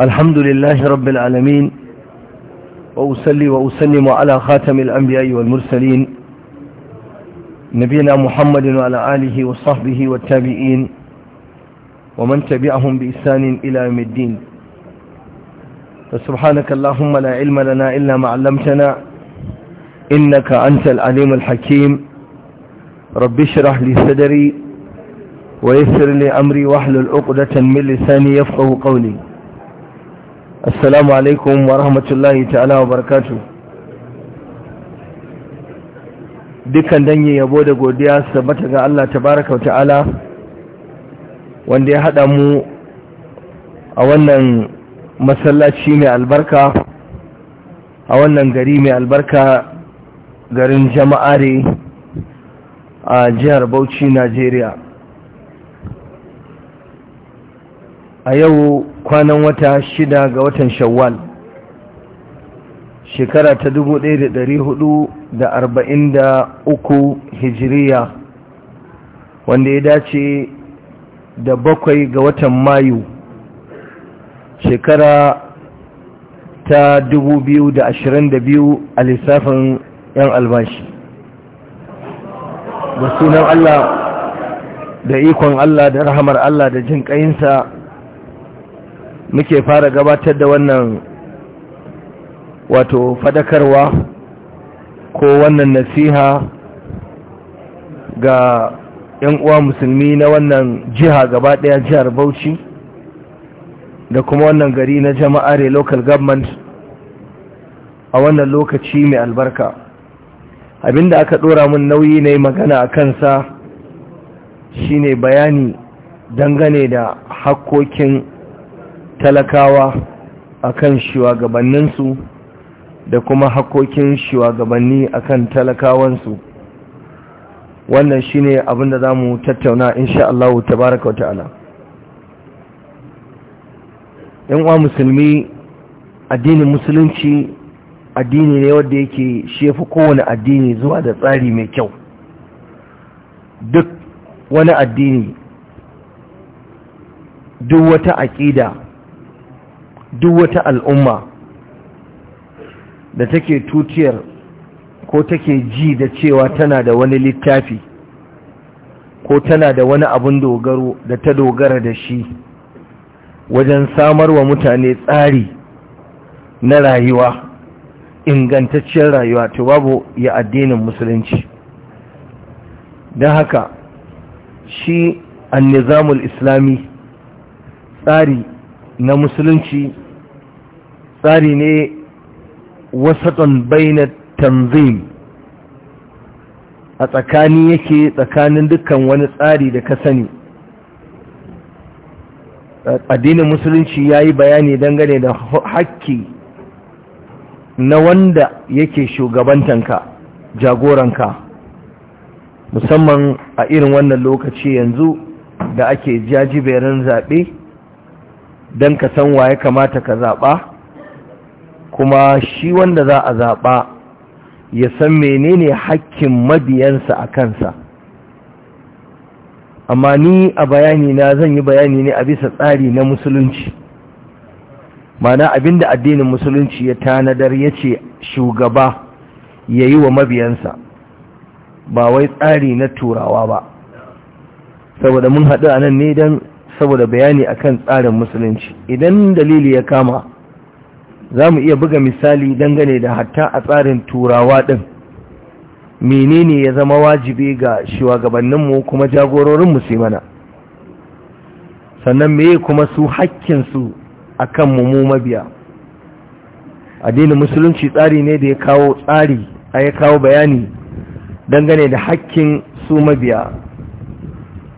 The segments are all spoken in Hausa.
الحمد لله رب العالمين وأسلي وأسلم على خاتم الأنبياء والمرسلين نبينا محمد وعلى آله وصحبه والتابعين ومن تبعهم بإحسان إلى يوم الدين فسبحانك اللهم لا علم لنا إلا ما علمتنا إنك أنت العليم الحكيم رب اشرح لي صدري ويسر لي أمري واحلل عقدة من لساني يفقه قولي assalamu alaikum wa rahmatullahi ta'ala wa barakatu dukkan dangi yabo da godiya su tabbata ga Allah tabaraka ta'ala wanda ya haɗa mu a wannan masallaci mai albarka a wannan gari mai albarka garin jama'are a jihar Bauchi Najeriya a yau kwanan wata shida ga watan shawwal shekara ta uku hijiriya wanda ya dace da bakwai ga watan mayu shekara ta biyu a lissafin 'yan albashi da sunan Allah da ikon Allah da rahamar Allah da jin kayinsa muke fara gabatar da wannan wato fadakarwa ko wannan nasiha ga 'yan uwa musulmi na wannan jiha gaba daya jihar bauchi da kuma wannan gari na jama'are local government a wannan lokaci mai albarka abinda aka ɗora mun nauyi na magana a kansa shine bayani dangane da hakkokin talakawa akan shugabanninsu da kuma hakokin shugabanni akan talakawansu wannan shine abin da zamu tattauna insha Allah tabaaraka wa ta'ala yan uwa musulmi addinin musulunci addini ne wadda yake shefa kowane addini zuwa da tsari mai kyau duk wani addini duk wata aƙida duk wata al'umma da take tutiyar ko take ji da cewa tana da wani littafi ko tana da wani abun dogaro da ta dogara da shi wajen samar wa mutane tsari na rayuwa ingantacciyar rayuwa to babu ya addinin musulunci don haka shi nizamul islami tsari na musulunci tsari ne wasaton na tanzim a tsakani yake tsakanin dukkan wani tsari da ka sani addinin musulunci ya yi bayani dangane da hakki na wanda yake shugabantanka jagoranka musamman a irin wannan lokaci yanzu da ake jajiberin zaɓe don ka san waye kamata ka zaɓa kuma shi wanda za a zaɓa ya san menene hakkin mabiyansa a kansa amma ni a bayani na zan yi bayani ne a bisa tsari na musulunci mana abinda addinin musulunci ya tanadar ya ce shugaba ya yi wa mabiyansa ba wai tsari na turawa ba saboda mun haɗu a nan ne don saboda bayani akan tsarin musulunci idan dalili ya kama za mu iya buga misali dangane da hatta a tsarin turawa ɗin menene ya zama wajibi ga shugabanninmu kuma jagororinmu su mana sannan meye kuma su hakkinsu a kan mu mabiya addinin musulunci tsari ne da ya kawo tsari a ya kawo bayani dangane da hakkin su mabiya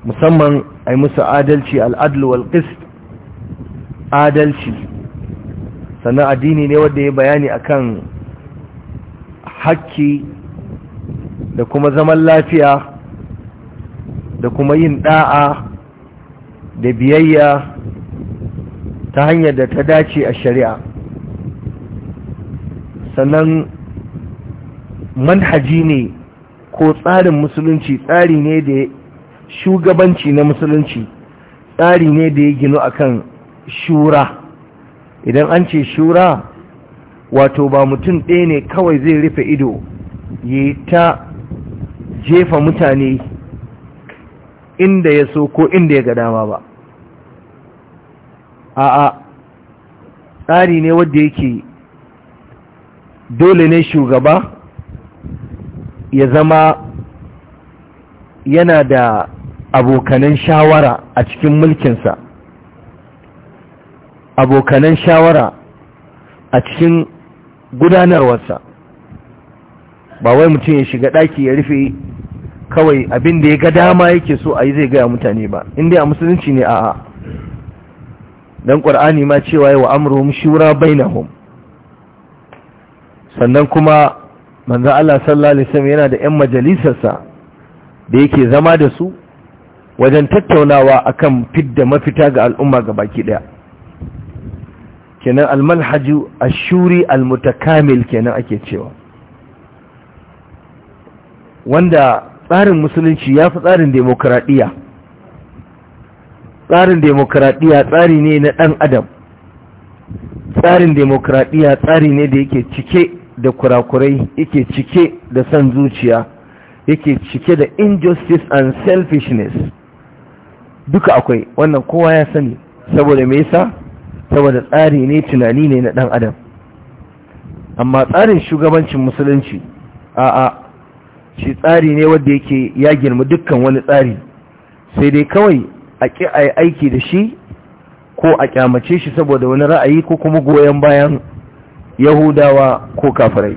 musamman a yi musu adalci al'adlu wal adalci sannan addini ne wanda ya bayani akan hakki da kuma zaman lafiya da kuma yin ɗa'a da biyayya ta hanyar da ta dace a shari'a sannan manhaji ne ko tsarin musulunci tsari ne da shugabanci na musulunci tsari ne da ya gino akan shura idan an ce shura wato ba mutum ɗaya ne kawai zai rufe ido ya ta jefa mutane inda ya so ko inda ya ga dama ba a'a tsari ne wadda yake dole ne shugaba ya zama yana da abokanan shawara a cikin mulkinsa abokanan shawara a cikin gudanarwarsa ba wai mutum ya shiga ɗaki ya rufe kawai abin da ya ga dama yake so a yi zai gaya mutane ba inda a musulunci ne a'a don ƙwar'ani ma cewa yi wa amurum shura bainahum sannan kuma manza Allah sallallahu alaihi wasallam yana da 'yan majalisarsa da yake zama da su wajen tattaunawa akan fidda mafita ga al'umma ga baki ɗaya kenan almalhaju ashuri almutakamil kenan ake cewa wanda tsarin musulunci ya fi tsarin demokradiyya tsarin demokradiyya tsari ne na ɗan adam tsarin demokradiyya tsari ne da yake cike da kurakurai yake cike da san zuciya yake cike da injustice and selfishness duka akwai wannan kowa ya sani saboda me yasa saboda tsari ne tunani ne na ɗan adam amma tsarin shugabancin musulunci a'a shi tsari ne wanda yake ya girma dukkan wani tsari sai dai kawai a ƙi a aiki da shi ko a ƙyamace shi saboda wani ra'ayi ko kuma goyon bayan yahudawa ko kafirai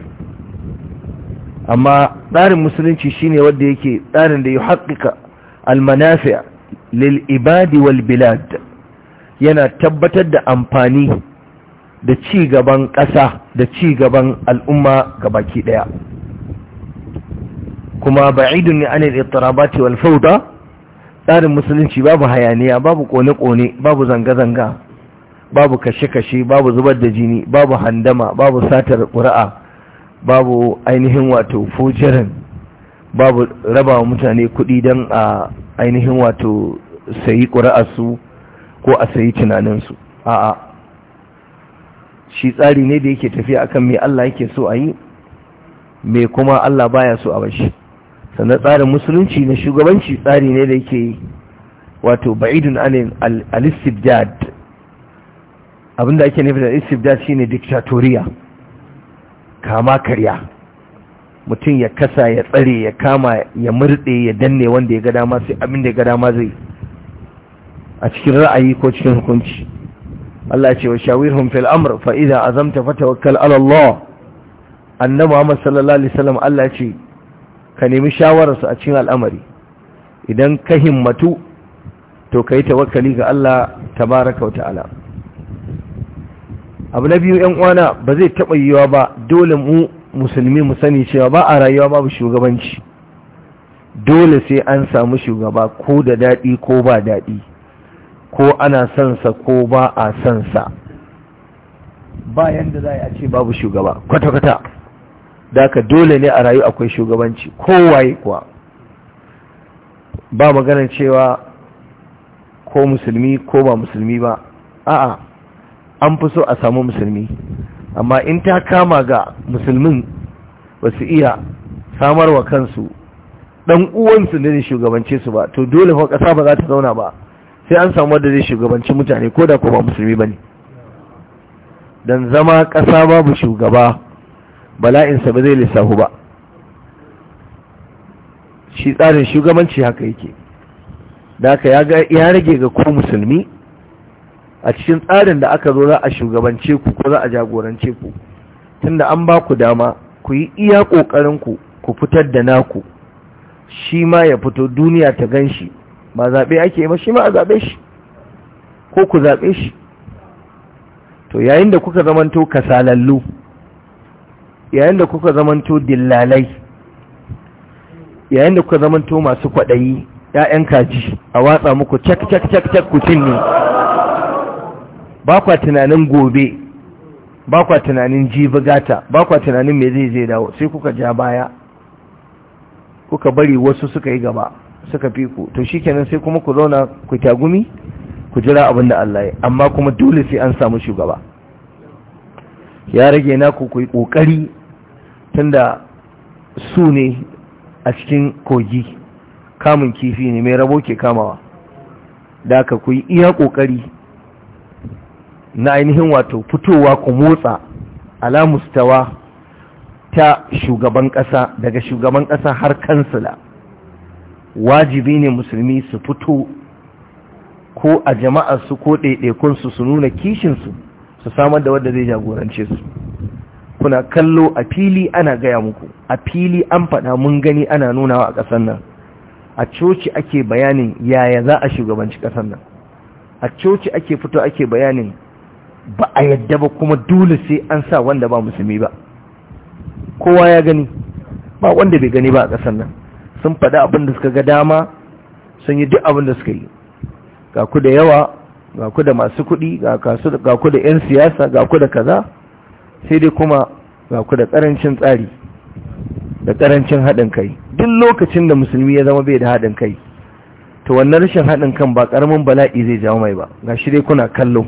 amma tsarin musulunci shi ne wanda yake tsarin da ya haƙiƙa almanafi lil ibadi wal bilad yana tabbatar da amfani da ci gaban ƙasa da ci gaban al'umma ga baki ɗaya kuma ba'idun ne anil ba wal walfauta tsarin musulunci babu hayaniya babu kone-kone babu zanga-zanga babu kashe-kashe babu zubar da jini babu handama babu satar ƙura'a babu ainihin wato fujirin babu raba mutane kuɗi don a ainihin wato sayi su ko a sayi tunaninsu a'a shi tsari ne da yake tafiya akan mai Allah yake so a yi mai kuma Allah baya so a bashi sannan tsarin musulunci na shugabanci tsari ne da yake yi. wato ba'idun anin al-istibdad abinda ake nufi da istibdad shine diktatoriya, kama karya mutum ya kasa ya tsare ya kama ya murde ya danne wanda ya ga dama sai abin da ya ga dama zai a cikin ra'ayi ko cikin hukunci Allah ce wa shawirhum fil amr fa idza azamta fatawakkal ala Allah annabi Muhammad sallallahu alaihi wasallam Allah ce ka nemi shawararsu a cikin al'amari idan ka himmatu to kai tawakkali ga Allah tabaaraka wa ta'ala abu na biyu yan uwana ba zai taɓa yiwa ba dole mu musulmi mu sani cewa ba a rayuwa babu shugabanci dole sai an samu shugaba ko da daɗi ko ba daɗi ko ana son sa ko ba a son sa ba yanda za a ce babu shugaba kwata-kwata da ka dole ne a rayu akwai shugabanci kowaye kuwa ba maganar cewa ko musulmi ko ba musulmi ba a'a an fi so a samu musulmi amma in ta kama ga musulmin ba su iya samarwa kansu ɗan uwansu ne shugabanci su ba to dole fa ƙasa ba za ta zauna ba sai an samu wanda zai shugabanci mutane ko da kuma ba musulmi ba ne don zama ƙasa babu shugaba bala'insa ba zai lissahu ba shi tsarin shugabanci haka yake da aka ya rage ga ku musulmi a cikin tsarin da aka zo za a shugabance ku ko za a jagorance ku tunda an ba ku dama ku yi iya ƙoƙarinku ku fitar da naku shi ma ya fito duniya ta gan shi ba zaɓe ake ba shi ma a zaɓe shi ko ku zaɓe shi to yayin da kuka zamanto kasalallu yayin da kuka zamanto dillalai yayin da kuka zamanto masu kwaɗayi ‘ya'yan kaji a watsa muku cak cak cak cak ku ne ba kwa tunanin gobe ba kwa tunanin jibi gata ba kwa tunanin me zai zai dawo sai kuka ja baya kuka bari wasu suka yi gaba suka fi ku to shi kenan sai kuma ku zauna ku tagumi ku jira abin da Allah ya amma kuma dole sai an samu shugaba ya rage naku ku yi kokari tunda su ne a cikin kogi kamun kifi ne mai rabo ke kamawa da aka ku iya kokari na ainihin wato fitowa ku motsa alamustawa ta shugaban ƙasa daga shugaban ƙasa har kansila wajibi ne musulmi su fito ko a su ko ɗaiɗaikunsu su nuna kishinsu su samar da wadda zai jagorance su kuna kallo a fili ana gaya muku a fili an faɗa mun gani ana nunawa a ƙasar nan a coci ake bayanin yaya za a shugabanci ƙasar nan a coci ake fito ake bayanin ba a yadda ba kuma dole sai an sa wanda ba musulmi ba kowa ya gani ba wanda bai gani ba a ƙasar nan sun faɗi abin da suka ga dama sun yi duk abin da suka yi ga ku da yawa ga ku da masu kuɗi ga ku da 'yan siyasa ga ku da kaza sai dai kuma ga ku da ƙarancin tsari da ƙarancin haɗin kai duk lokacin da musulmi ya zama bai da haɗin kai to wannan rashin haɗin kan ba ƙaramin bala'i zai jawo mai ba ga shi dai kuna kallo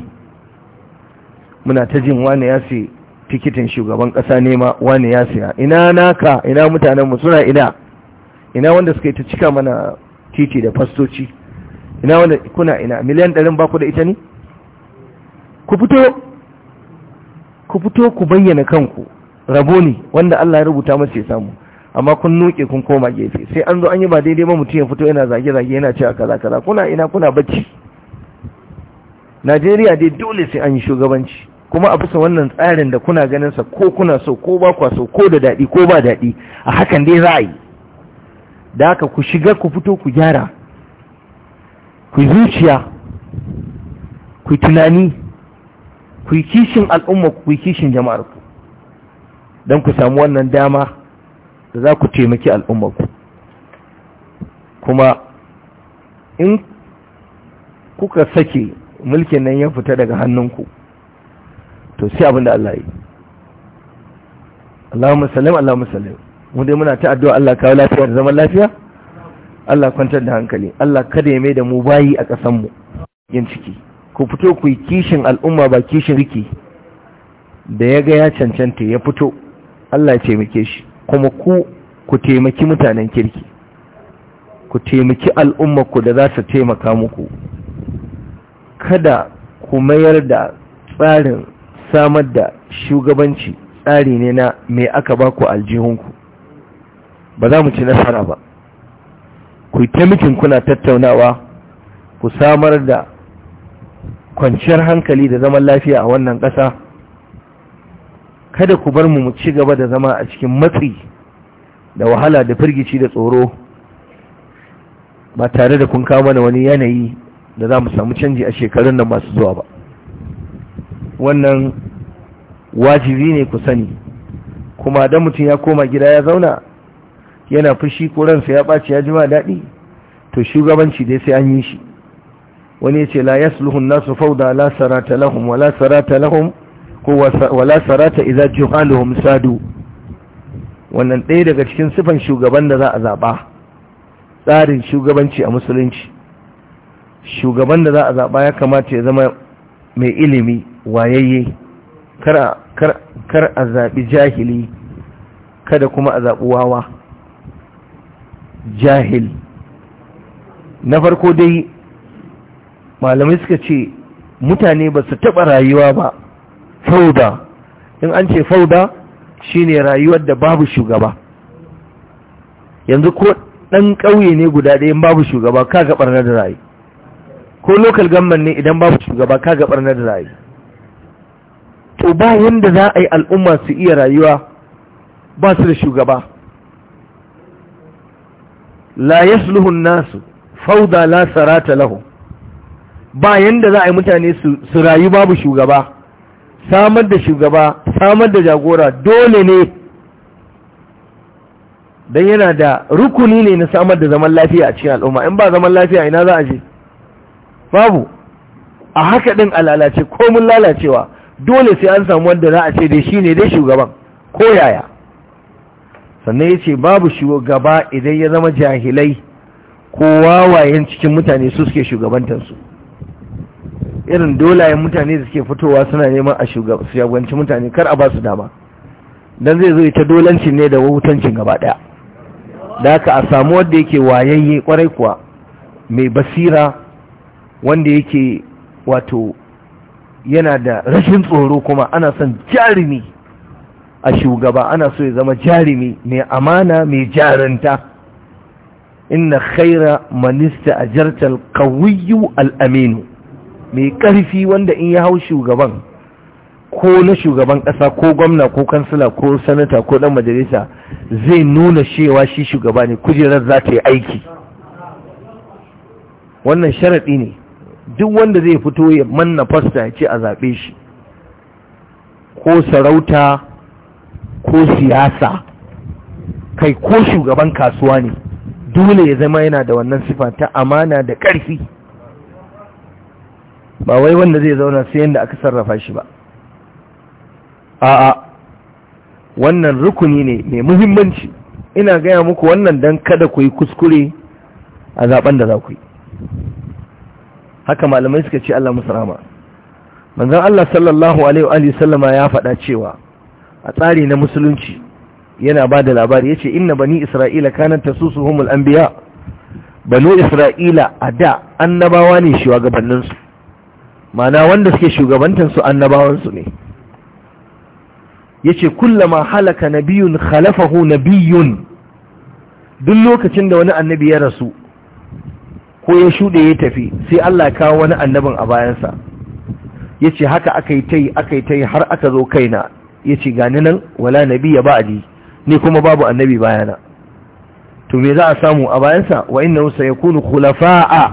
muna ta jin wani ya ce tikitin shugaban ƙasa nema wani ya siya ina naka ina mutanenmu suna ina ina wanda suka yi ta cika mana titi da fastoci ina wanda kuna ina miliyan ɗarin baku da ita ne ku fito ku fito ku bayyana kanku rabo ne wanda Allah ya rubuta masa ya samu amma kun nuke kun koma gefe sai an zo an yi ba daidai ba mutum ya fito yana zage-zage yana cewa kaza kaza kuna ina kuna bacci Najeriya dai dole sai an yi shugabanci kuma a bisa wannan tsarin da kuna ganin sa ko kuna so ko ba kwa so ko da daɗi ko ba daɗi a hakan dai za a yi da haka ku shiga ku fito ku gyara ku zuciya ku tunani ku yi kishin al'umma ku yi kishin jama'ar ku don ku samu wannan dama da za ku taimaki al'umma ku kuma in kuka sake mulkin nan ya fita daga hannunku to sai abin da Allah yi Allahumma sallim Allahumma sallim mu dai muna ta addu'a Allah kawo lafiya da zaman lafiya Allah kwantar da hankali Allah kada ya mai da mu bayi a ƙasan mu yin ciki ku fito ku yi kishin al'umma ba kishin riki da ya ga ya cancanta ya fito Allah ya taimake shi kuma ku ku taimaki mutanen kirki ku taimaki al'umma ku da za su taimaka muku kada ku mayar da tsarin samar da shugabanci tsari ne na mai aka ba ku aljihunku ba za mu ci nasara ba ku taimakin kuna tattaunawa ku samar da kwanciyar hankali da zaman lafiya a wannan ƙasa kada ku bar mu mu ci gaba da zama a cikin matsi da wahala da firgici da tsoro ba tare da kun kama da wani yanayi da za mu samu canji a shekarun nan masu zuwa ba wannan wajibi ne ku sani kuma don mutum ya koma gida ya zauna yana fushi ko ransa ya ɓaci ya ji ba daɗi to shugabanci dai sai an yi shi wani ya ce la yasluhun nasu fauda la sarata lahum wala sarata lahum ko wala sarata idza juhaluhum sadu wannan ɗaya daga cikin sifan shugaban da za a zaɓa tsarin shugabanci a musulunci shugaban da za a zaɓa ya kamata ya zama mai ilimi wayayye kar a zaɓi jahili kada kuma a zaɓi wawa jahil na farko dai malamai suka ce mutane ba su taɓa rayuwa ba fauda in an ce fauda shine rayuwar da babu shugaba yanzu ko ɗan ƙauye ne guda ɗaya babu shugaba ka ga ɓarnar da rayu ko lokal gamman ne idan babu shugaba ka ga ɓarnar da rayu to ba yanda za a yi al'umma su iya rayuwa ba su da shugaba la yasluhu nasu fauda la sarata lahu. ba yanda za a yi mutane su rayu babu shugaba samar da shugaba samar da jagora dole ne Dan yana da rukuni ne na samar da zaman lafiya a cikin al'umma in ba zaman lafiya ina za a je babu a haka ɗin a lalace mun lalacewa dole sai an samu wanda za a ce dai shi ne dai shugaban ko yaya sannan ya ce babu shugaba idan ya zama jahilai ko wawayen cikin mutane su suke shugabantansu irin dolayen mutane da suke fitowa suna neman a shugabanci mutane kar a ba su dama don zai zo ita dolancin ne da wahutancin gaba daya da aka a samu wanda yake wayayye kwarai kuwa mai basira wanda yake wato yana da rashin tsoro kuma ana son jarumi a shugaba ana so ya zama jarumi mai amana mai jaranta inna khaira manista a jartar kawiyu al'aminu mai ƙarfi wanda in ya hau shugaban ko na shugaban ƙasa ko gwamna ko kansila ko sanata ko ɗan majalisa zai nuna cewa shi shugaba ne kujerar za ta yi aiki wannan sharaɗi ne duk wanda zai fito ya manna fasta ya ce a zaɓe shi ko sarauta ko siyasa kai ko shugaban kasuwa ne dole ya zama yana da wannan sifa ta amana da ƙarfi ba wai wanda zai zauna sai yadda aka sarrafa shi ba a'a wannan rukuni ne mai muhimmanci ina gaya muku wannan don kada ku yi kuskure a zaben da za ku yi haka malamai suka ce Allah musulama manzan Allah sallallahu alaihi wa sallama ya faɗa cewa a tsari na musulunci yana ba da labari ya ce inna bani isra'ila kanan ta susu humul an biya banu isra'ila a da annabawa ne shugabanninsu mana wanda suke shugabantansu annabawansu ne ya ce kullama halaka nabiyun na biyun. duk lokacin da wani annabi ya rasu ko ya shuɗe ya tafi sai Allah kawo wani annabin a bayansa ya ce haka aka yi ta yi aka yi ta yi har aka zo kaina ya ce gani nan wala nabi ya ba ali ni kuma babu annabi bayana to me za a samu a bayansa wa ya kunu khulafa'a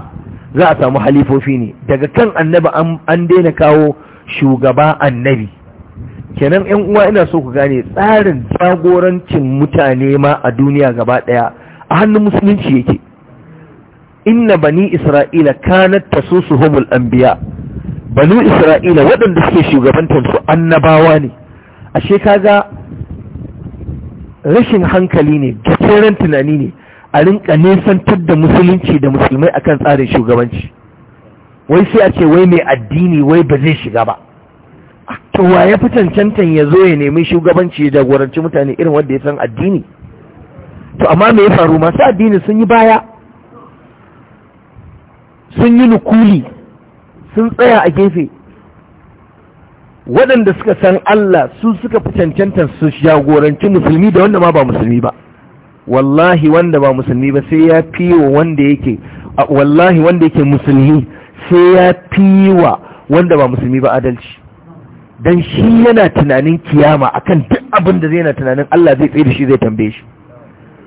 za a samu halifofi ne daga kan annabi an daina kawo shugaba annabi kenan yan uwa ina so ku gane tsarin jagorancin mutane ma a duniya gaba daya a hannun musulunci yake inna bani isra'ila kanat tasusuhumul anbiya banu isra'ila waɗanda suke shugabantar su annabawa ne ashe kaga rashin hankali ne gajeren tunani ne a rinka nesantar da musulunci da musulmai akan tsarin shugabanci wai sai a ce wai mai addini wai ba zai shiga ba ah, to wa ya fi cancantan ya zo ya nemi shugabanci ya jagoranci mutane irin wanda ya san addini to amma me ya faru masu addini sun yi baya sun yi nukuli sun tsaya a gefe waɗanda suka san Allah su suka fi cancanta su jagoranci musulmi da wanda ma ba musulmi ba wallahi wanda ba musulmi ba sai ya fi wa wanda yake wallahi wanda yake musulmi sai ya fi wa wanda ba musulmi ba adalci dan shi yana tunanin kiyama akan duk abin da zai yana tunanin Allah zai tsaye da shi zai tambaye shi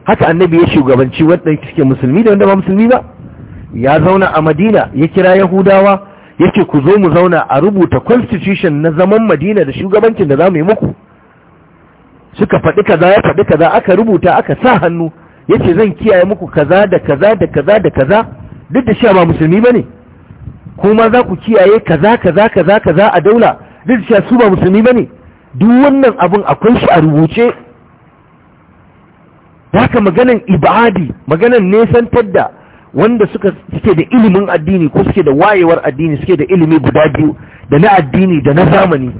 haka annabi ya shugabanci wanda suke musulmi da wanda ba musulmi ba ya zauna a Madina ya kira Yahudawa yake ku zo mu zauna a rubuta constitution na zaman madina da shugabancin da za mu yi muku suka faɗi kaza ya faɗi kaza aka rubuta aka sa hannu yace zan kiyaye muku kaza da kaza da kaza da kaza duk da cewa ba musulmi bane kuma za ku kiyaye kaza kaza kaza kaza a daula duk da cewa su ba musulmi bane duk wannan abun akwai shi a rubuce haka maganan ibadi maganan nesantar da wanda suka suke da ilimin addini ko suke da wayewar addini suke da ilimi guda biyu da na addini da na zamani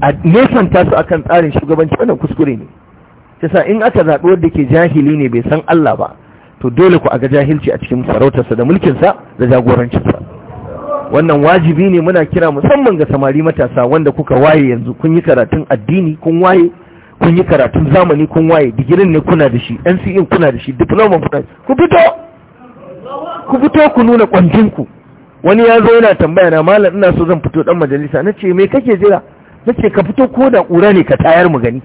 a nesanta su akan tsarin shugabanci wannan kuskure ne yasa in aka zaɓi wanda ke jahili ne bai san Allah ba to dole ku aga jahilci a cikin sarautarsa da mulkinsa da jagorancinsa wannan wajibi ne muna kira musamman ga samari matasa wanda kuka waye yanzu kun yi karatun addini kun waye kun yi karatun zamani kun waye digirin ne kuna da shi NCE kuna da shi diploma kuna ku fito ku fito ku nuna ku. wani ya zo yana tambaya na malam ina so zan fito dan majalisa na ce me kake jira na ka fito ko da ƙura ne ka tayar mu gani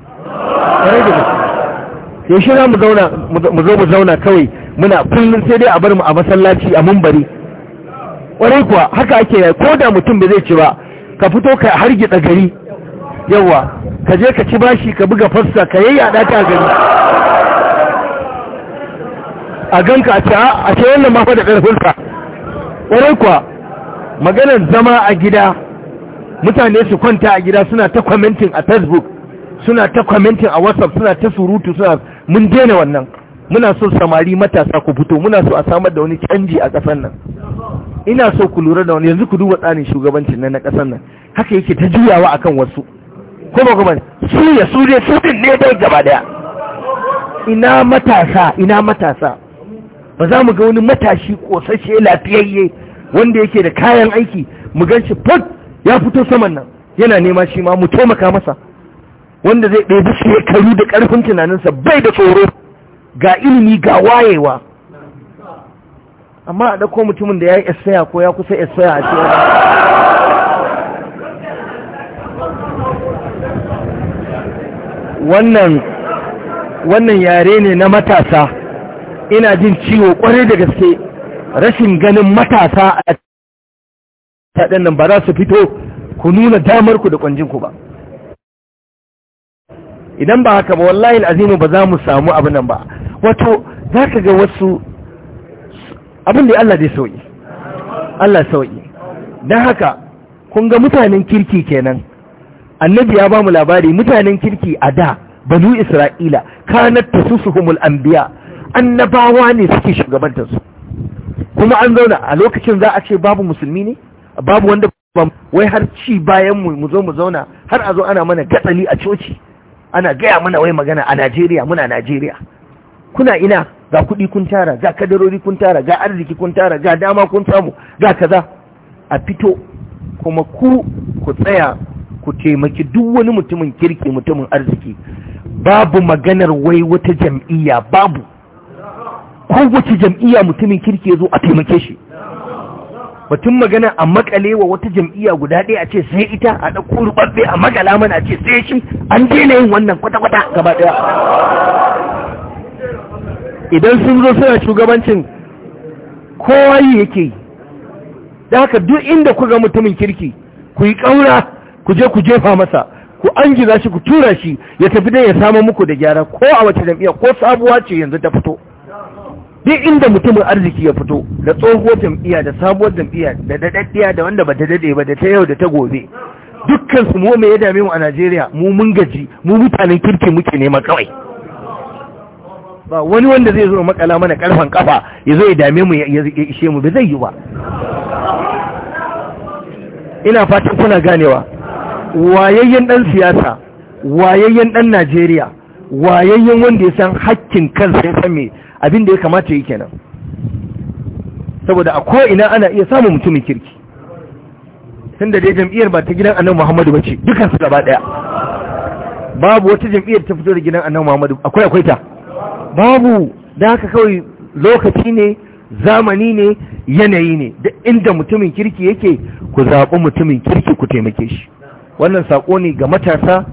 ya shi mu zauna mu zo mu zauna kawai muna kullum sai dai a bar mu a masallaci a mumbari ƙwarai kuwa haka ake yi ko da mutum bai zai ci ba ka fito ka hargitsa gari yawa ka je ka ci bashi ka buga fassa ka yayyada ta gari a ganka a ce ah, a ce wannan ma fa da ƙarfinka ƙwarai kuwa maganar zama a gida mutane su kwanta a gida suna ta kwamentin a facebook suna ta kwamentin a whatsapp suna ta surutu suna mun daina wannan muna so samari matasa ku fito muna so a samar da wani canji a ƙasar nan ina so ku lura da wani yanzu ku duba tsarin shugabancin nan na ƙasar nan haka yake ta juyawa akan wasu Ko ba kuma su ya su ne su ne dai gaba daya ina matasa ina matasa ba za mu ga wani matashi kosashe lafiyayye wanda yake da kayan aiki mu gan shi fat ya fito saman nan yana nema shi ma mu taimaka masa wanda zai ɗaya shekaru da ƙarfin tunaninsa bai da tsoro ga ilimi ga wayewa amma a ɗauko mutumin da ya yi esaya ko ya kusa esaya a cewa wannan wannan yare ne na matasa ina jin ciwo kwarai da gaske rashin ganin matasa a taɗin nan ba za su fito ku nuna damar ku da kwanjinku ba idan ba haka ba wallahi azimu ba za mu samu abin nan ba wato za ka ga wasu abin da Allah dai sauyi Allah sauyi don haka kun ga mutanen kirki kenan annabi ya ba mu labari mutanen kirki a da banu isra'ila kanat tasusuhumul anbiya annabawa ne suke shugabantarsu kuma an zauna a lokacin za a ce babu musulmi ne babu wanda ba wai har ci bayan mu mu zo mu zauna har a zo ana mana gatsali a coci ana gaya mana wai magana a Najeriya muna Najeriya kuna ina ga kuɗi kun tara ga kadarori kun tara ga arziki kun tara ga dama kun samu ga kaza a fito kuma ku ku tsaya ku taimaki duk wani mutumin kirki mutumin arziki babu maganar wai wata jam'iyya babu kowace jam'iyya mutumin kirki ya zo a taimake shi batun magana a makale wa wata jam'iyya guda ɗaya a ce sai ita a ɗauko rubabbe a makala mana a ce sai shi an daina yin wannan kwata-kwata gaba ɗaya idan sun zo suna shugabancin kowa yi yake yi da haka duk inda ku ga mutumin kirki ku yi ƙaura ku je ku jefa masa ku an shi ku tura shi ya tafi dai ya samu muku da gyara ko a wace jam'iyya ko sabuwa ce yanzu ta fito duk inda mutumin arziki ya fito da tsohuwar jam'iyya da sabuwar jam'iyya da daɗaɗɗiya da wanda ba ta daɗe ba da ta yau da ta gobe dukkan su mu ya dame mu a Najeriya mu mun gaji mu mutanen kirki muke nema kawai ba wani wanda zai zo makala mana karfan kafa ya zo ya dame mu ya ishe mu ba zai yi ba ina fatan kuna ganewa wayayyen dan siyasa wayayyen dan Najeriya wayayyen wanda ya san hakkin kansa ya san me abin da ya kamata yi kenan saboda a ko'ina ana iya samun mutumin kirki tun da dai jam'iyyar ba ta gidan annabi muhammadu ba ce dukansu gaba ɗaya babu wata jam'iyyar ta fito da gidan annabi muhammadu akwai akwai ta babu da haka kawai lokaci ne zamani ne yanayi ne da inda mutumin kirki yake ku zaɓi mutumin kirki ku taimake shi wannan saƙo ne ga matasa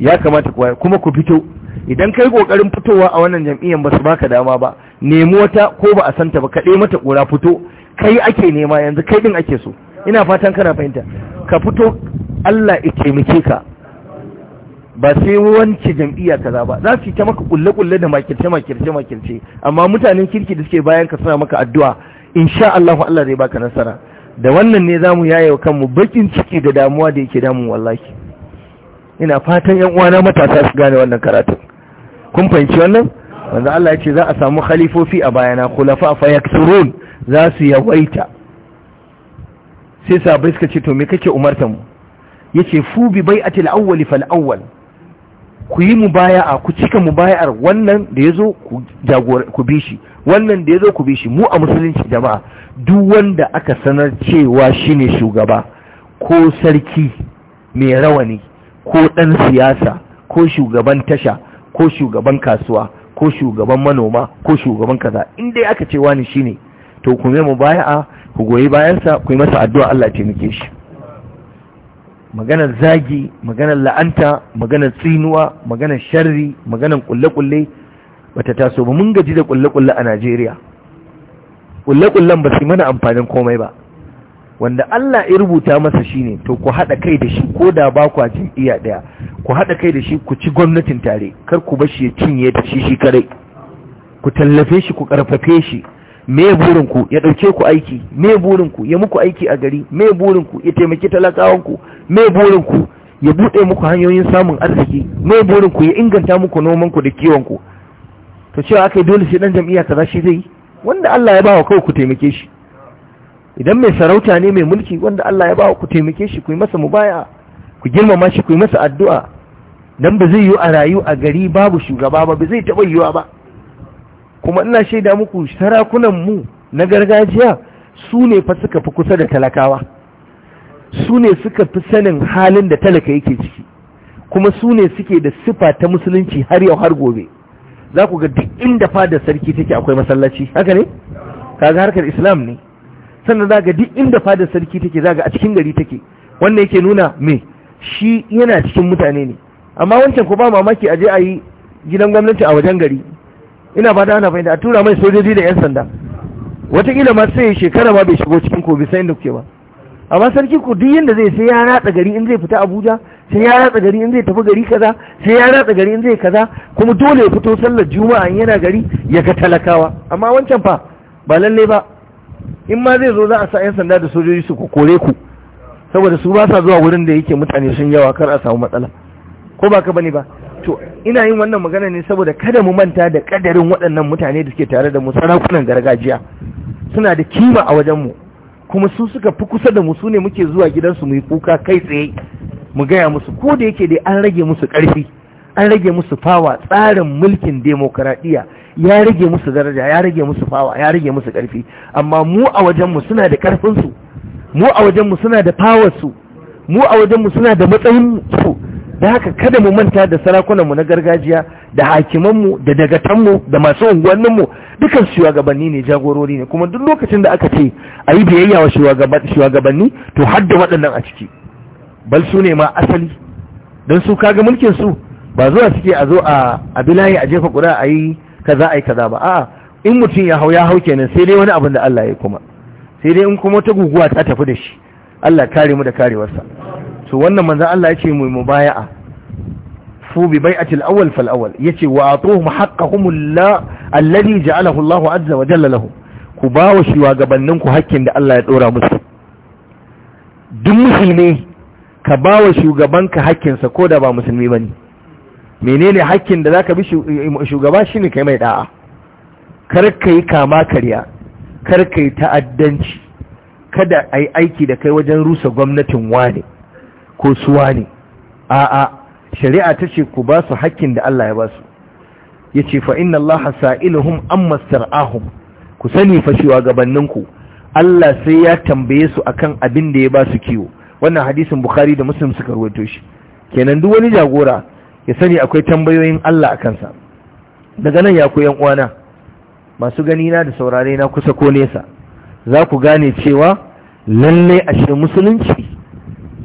ya kamata kuma ku fito idan kai kokarin fitowa a wannan jam'iyyar ba su baka dama ba nemi wata ko ba a santa ba kaɗai mata ƙura fito kai ake nema yanzu kai din ake so ina fatan kana fahimta ka fito Allah ya taimake ka ba sai wancan jam'iyya kaza ba za su yi ta maka kulle-kulle da makirce makirce makirce amma mutanen kirki da suke bayan ka suna maka addu'a insha Allah Allah zai baka nasara da wannan ne zamu yaye kanmu bakin ciki da damuwa da yake damun wallahi ina fatan yan uwana matasa su gane wannan karatu kun fahimci wannan wanda Allah ya ce za a samu khalifofi a bayana khulafa fa yaksurun za su yawaita sai sabai suka ce to me kake umarta mu yace fu bi bai'atil awwal fal awwal ku yi mubaya'a ku cika mubaya'ar wannan da yazo ku ku bi shi wannan da yazo ku bi shi mu a musulunci jama'a duk wanda aka sanar cewa shine shugaba ko sarki mai rawani ko ɗan siyasa ko shugaban tasha ko shugaban kasuwa ko shugaban manoma ko shugaban kaza in dai aka ce wani shine to ku mu baya'a ku goyi bayansa ku yi masa addu'a Allah ya taimake shi maganar zagi maganar la'anta maganar tsinuwa maganar sharri maganar kulle-kulle bata taso ba mun gaji da kulle-kulle a Najeriya kulle-kullen ba su mana amfanin komai ba wanda Allah ya rubuta masa shi ne, to ku haɗa kai da shi ko da ba ku a jam'iyya ɗaya ku haɗa kai da shi ku ci gwamnatin tare kar ku bashi ya cinye da shi shi kare ku tallafe shi ku ƙarfafe shi me burin ku ya ɗauke ku aiki me burin ku ya muku aiki a gari me burin ku ya taimaki talakawan ku me burin ku ya buɗe muku hanyoyin samun arziki me burin ku ya inganta muku noman ku da kiwon ku to cewa akai dole sai dan jami'a, kaza shi zai wanda Allah ya ba wa kawai ku taimake shi idan mai sarauta ne mai mulki wanda Allah ya ba ku taimake shi ku yi masa mubaya ku girmama shi ku yi masa addu'a dan ba zai yi a rayu a gari babu shugaba ba ba zai taɓa yiwa ba kuma ina shaida muku sarakunan mu na gargajiya su ne fa suka fi kusa da talakawa su ne suka fi sanin halin da talaka yake ciki kuma su ne suke da sifa ta musulunci har yau har gobe za ku ga duk inda fadar sarki take akwai masallaci haka ne kaga harkar islam ne sannan za ga duk inda fadar sarki take za ga a cikin gari take wannan yake nuna me shi yana cikin mutane ne amma wancan ko ba mamaki a je a yi gidan gwamnati a wajen gari ina da ana fahimta a tura mai sojoji da 'yan sanda wataƙila ma sai shekara ma bai shigo cikin ko bisa inda kuke ba amma sarki ku duk yanda zai sai ya ratsa gari in zai fita abuja sai ya ratsa gari in zai tafi gari kaza sai ya ratsa gari in zai kaza kuma dole ya fito sallar juma'a yana gari ya ga talakawa amma wancan fa ba lallai ba in ma zai zo za a sa 'yan sanda da sojoji su kore ku saboda su ba sa zuwa wurin da yake mutane sun yawa kar a samu matsala ko ba ka bane ba to ina yin wannan magana ne saboda kada mu manta da kadarin waɗannan mutane da suke tare da mu sarakunan gargajiya suna da kima a wajen mu kuma su suka fi kusa da mu sune muke zuwa gidansu mu yi kuka kai tsaye mu gaya musu ko da yake dai an rage musu ƙarfi an rage musu fawa tsarin mulkin demokuraɗiyya ya rage musu daraja ya rage musu fawa ya rage musu ƙarfi amma mu a wajenmu suna da ƙarfinsu mu a wajenmu suna da fawarsu mu a wajenmu suna da matsayin da haka kada mu manta da sarakunanmu na gargajiya da hakimanmu da dagatanmu da masu unguwanninmu dukan shugabanni ne jagorori ne kuma duk lokacin da aka ce a yi biyayya wa shugabanni to da waɗannan a ciki bal su ne ma asali don su kaga mulkin su ba zuwa suke a zo a abilayi a jefa kura a yi kaza a yi kaza ba a'a in mutum ya hau ya hau kenan sai dai wani abin da Allah ya kuma sai dai in kuma ta guguwa ta tafi da shi Allah kare mu da karewarsa to wannan manzon Allah ya ce mu mubaya'a fu bi bai'atil awwal fal awwal yace wa atuhum haqqahum alladhi ja'alahu Allah azza wa jalla lahu ku ba wa shugabannin ku hakkin da Allah ya ɗora musu duk musulmi ka ba wa shugabanka hakkinsa ko da ba musulmi ne. menene hakkin da zaka bi shugaba shine kai mai da'a kar ka yi kama karya kar ka yi ta'addanci kada a yi aiki da kai wajen rusa gwamnatin wane ko su wane a'a shari'a ta ce ku ba su hakkin da Allah ya ba su ya ce fa inna Allah sa'iluhum amma sar'ahum ku sani fa gabaninku. Allah sai ya tambaye su akan abin da ya ba su kiwo wannan hadisin Bukhari da Muslim suka rawaito shi kenan duk wani jagora ya sani akwai tambayoyin Allah a kansa daga nan ya ku uwana masu gani na da saurare na kusa ko nesa za ku gane cewa lalle ashe musulunci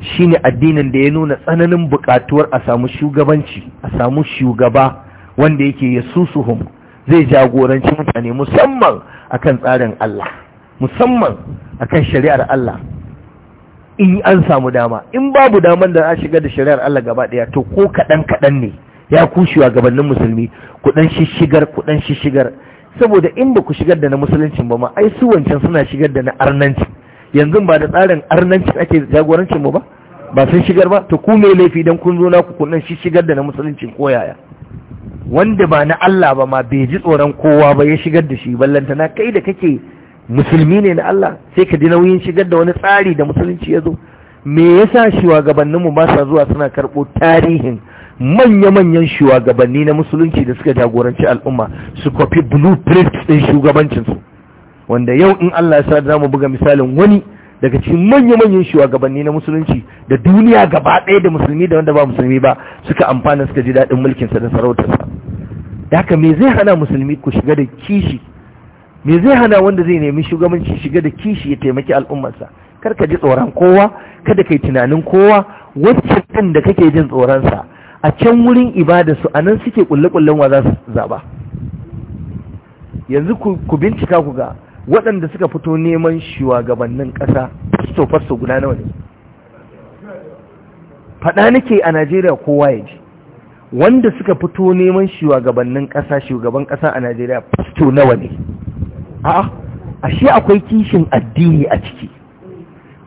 shine addinin da ya nuna tsananin buƙatuwar a samu shugabanci a samu shugaba wanda yake ya susuhun zai jagoranci mutane musamman akan tsarin Allah musamman akan shari'ar Allah in an samu dama in babu damar da a shiga da shari'ar Allah gaba daya to ko kaɗan kaɗan ne ya kushewa gabanin musulmi kuɗan shishigar kuɗan shishigar saboda in ba ku shigar da na musuluncin ba ma ai su wancan suna shigar da na arnanci yanzu ba da tsarin arnanci ake jagorancin mu ba ba sun shigar ba to ku me laifi dan kun zo naku kuɗan shishigar da na musuluncin ko yaya wanda ba na Allah ba ma bai ji tsoron kowa ba ya shigar da shi ballantana kai da kake musulmi ne na Allah sai ka ji nauyin shigar da wani tsari da musulunci ya zo me yasa shugabanninmu ba sa zuwa suna karɓo tarihin manya-manyan shugabanni na musulunci da suka jagoranci al'umma su kofi blueprint ɗin shugabancinsu wanda yau in Allah ya sa da mu buga misalin wani daga cikin manya-manyan shugabanni na musulunci da duniya gaba ɗaya da musulmi da wanda ba musulmi ba suka amfana suka ji daɗin mulkinsa da sarautarsa da haka me zai hana musulmi ku shiga da kishi me zai hana wanda zai nemi shugabanci shiga da kishi ya taimaki al'ummarsa kar ka ji tsoron kowa kada kai tunanin kowa wacce ɗin da kake jin tsoronsa a can wurin ibadarsu a nan suke ƙulle-ƙullen wa za su zaba yanzu ku bincika ku ga waɗanda suka fito neman shugabannin ƙasa fasto-fasto guda nawa ne faɗa nake a najeriya kowa ya ji wanda suka fito neman shugabannin ƙasa shugaban ƙasa a najeriya fasto nawa ne a'a ashe akwai kishin addini a ciki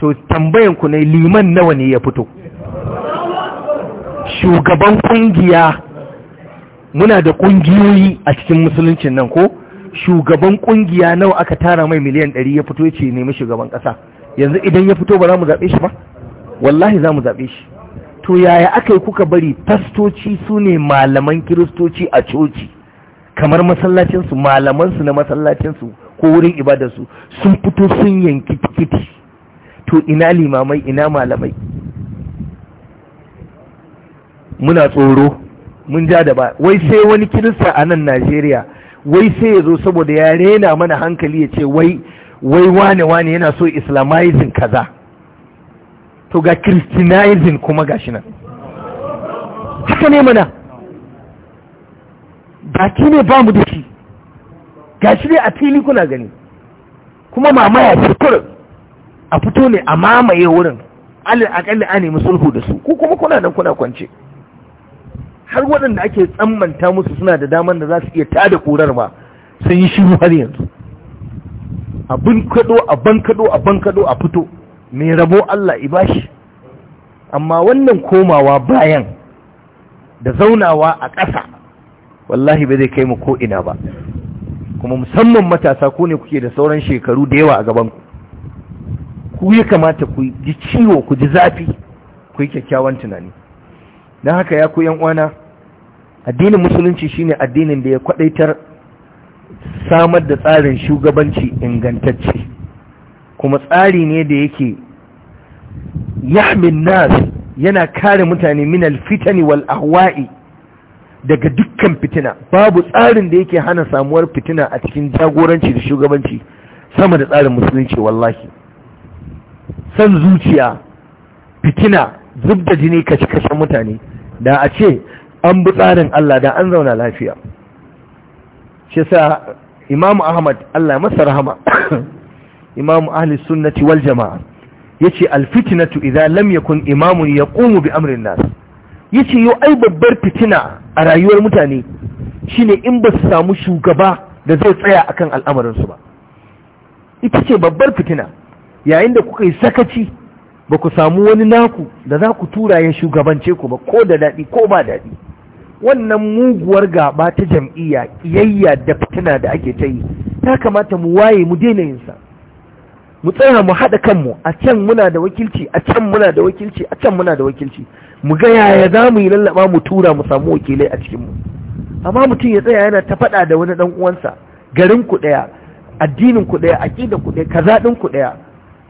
to tambayan ku ne liman nawa ne ya fito shugaban kungiya muna da kungiyoyi a cikin musuluncin nan ko shugaban kungiya nawa aka tara mai miliyan ɗari ya fito ce nemi shugaban ƙasa yanzu idan ya fito ba za mu zaɓe shi ba wallahi za mu zaɓe shi to yaya aka yi kuka bari fastoci su ne malaman kiristoci a coci kamar masallacinsu malamansu na masallacinsu ko wurin ibadarsu sun fito sun yanki tikiti to ina limamai ina malamai muna tsoro mun ja da ba wai sai wani kirista a nan najeriya wai sai ya zo saboda ya rena mana hankali ya ce wai wai wane wane yana so islamizing kaza to ga christianizing kuma gashi nan haka ne mana baki ne ba mu da shi gashi dai a fili kuna gani kuma mamaya ce kurin a fito ne a mamaye wurin alin akalli a nemi sulhu da su ko kuma kuna nan kuna kwance har waɗanda ake tsammanta musu suna da damar da za su iya tada ƙurar ba sun yi shiru har yanzu abin kado abin kado abin kado a fito mai rabo Allah ibashi amma wannan komawa bayan da zaunawa a ƙasa wallahi ba zai kai mu ko ina ba kuma musamman matasa ko ne kuke da sauran shekaru da yawa a gabanku ku ya kamata ku ji ciwo ku ji zafi ku yi kyakkyawan tunani don haka ya ku uwana addinin musulunci shine addinin da ya kwadaitar samar da tsarin shugabanci ingantacce kuma tsari ne da yake Yamin nas yana kare mutane min alfitani wal ahwa'i daga dukkan fitina babu tsarin da yake hana samuwar fitina a cikin jagoranci da shugabanci sama da tsarin musulunci wallahi san zuciya fitina zub da jini kashe-kashe mutane da a ce an bi tsarin Allah da an zauna lafiya shi sa imamu ahmad Allah masa rahama imamu ahli sunnati wal jama'a yace al fitnatu idza lam yakun imamun yaqumu bi amrin nas ya ce yau ai babbar fitina a rayuwar mutane shi ne in ba su samu shugaba da zai tsaya a kan al'amuransu ba ita ce babbar fitina yayin da kuka yi sakaci ba ku samu wani naku da za ku tura ya shugabance ku ba ko da daɗi ko ba daɗi wannan muguwar gaba ta jam'iyya ƙiyayya da fitina da ake ta yi ta kamata mu waye mu daina yinsa mu tsaya mu haɗa kanmu a can muna da wakilci a can muna da wakilci a can muna da wakilci mu ga yaya za mu yi lallaba mu tura mu samu wakilai a cikinmu amma mutum ya tsaya yana ta faɗa da wani ɗan uwansa garin ku ɗaya addinin ku ɗaya aƙida ku ɗaya kaza ɗin ku ɗaya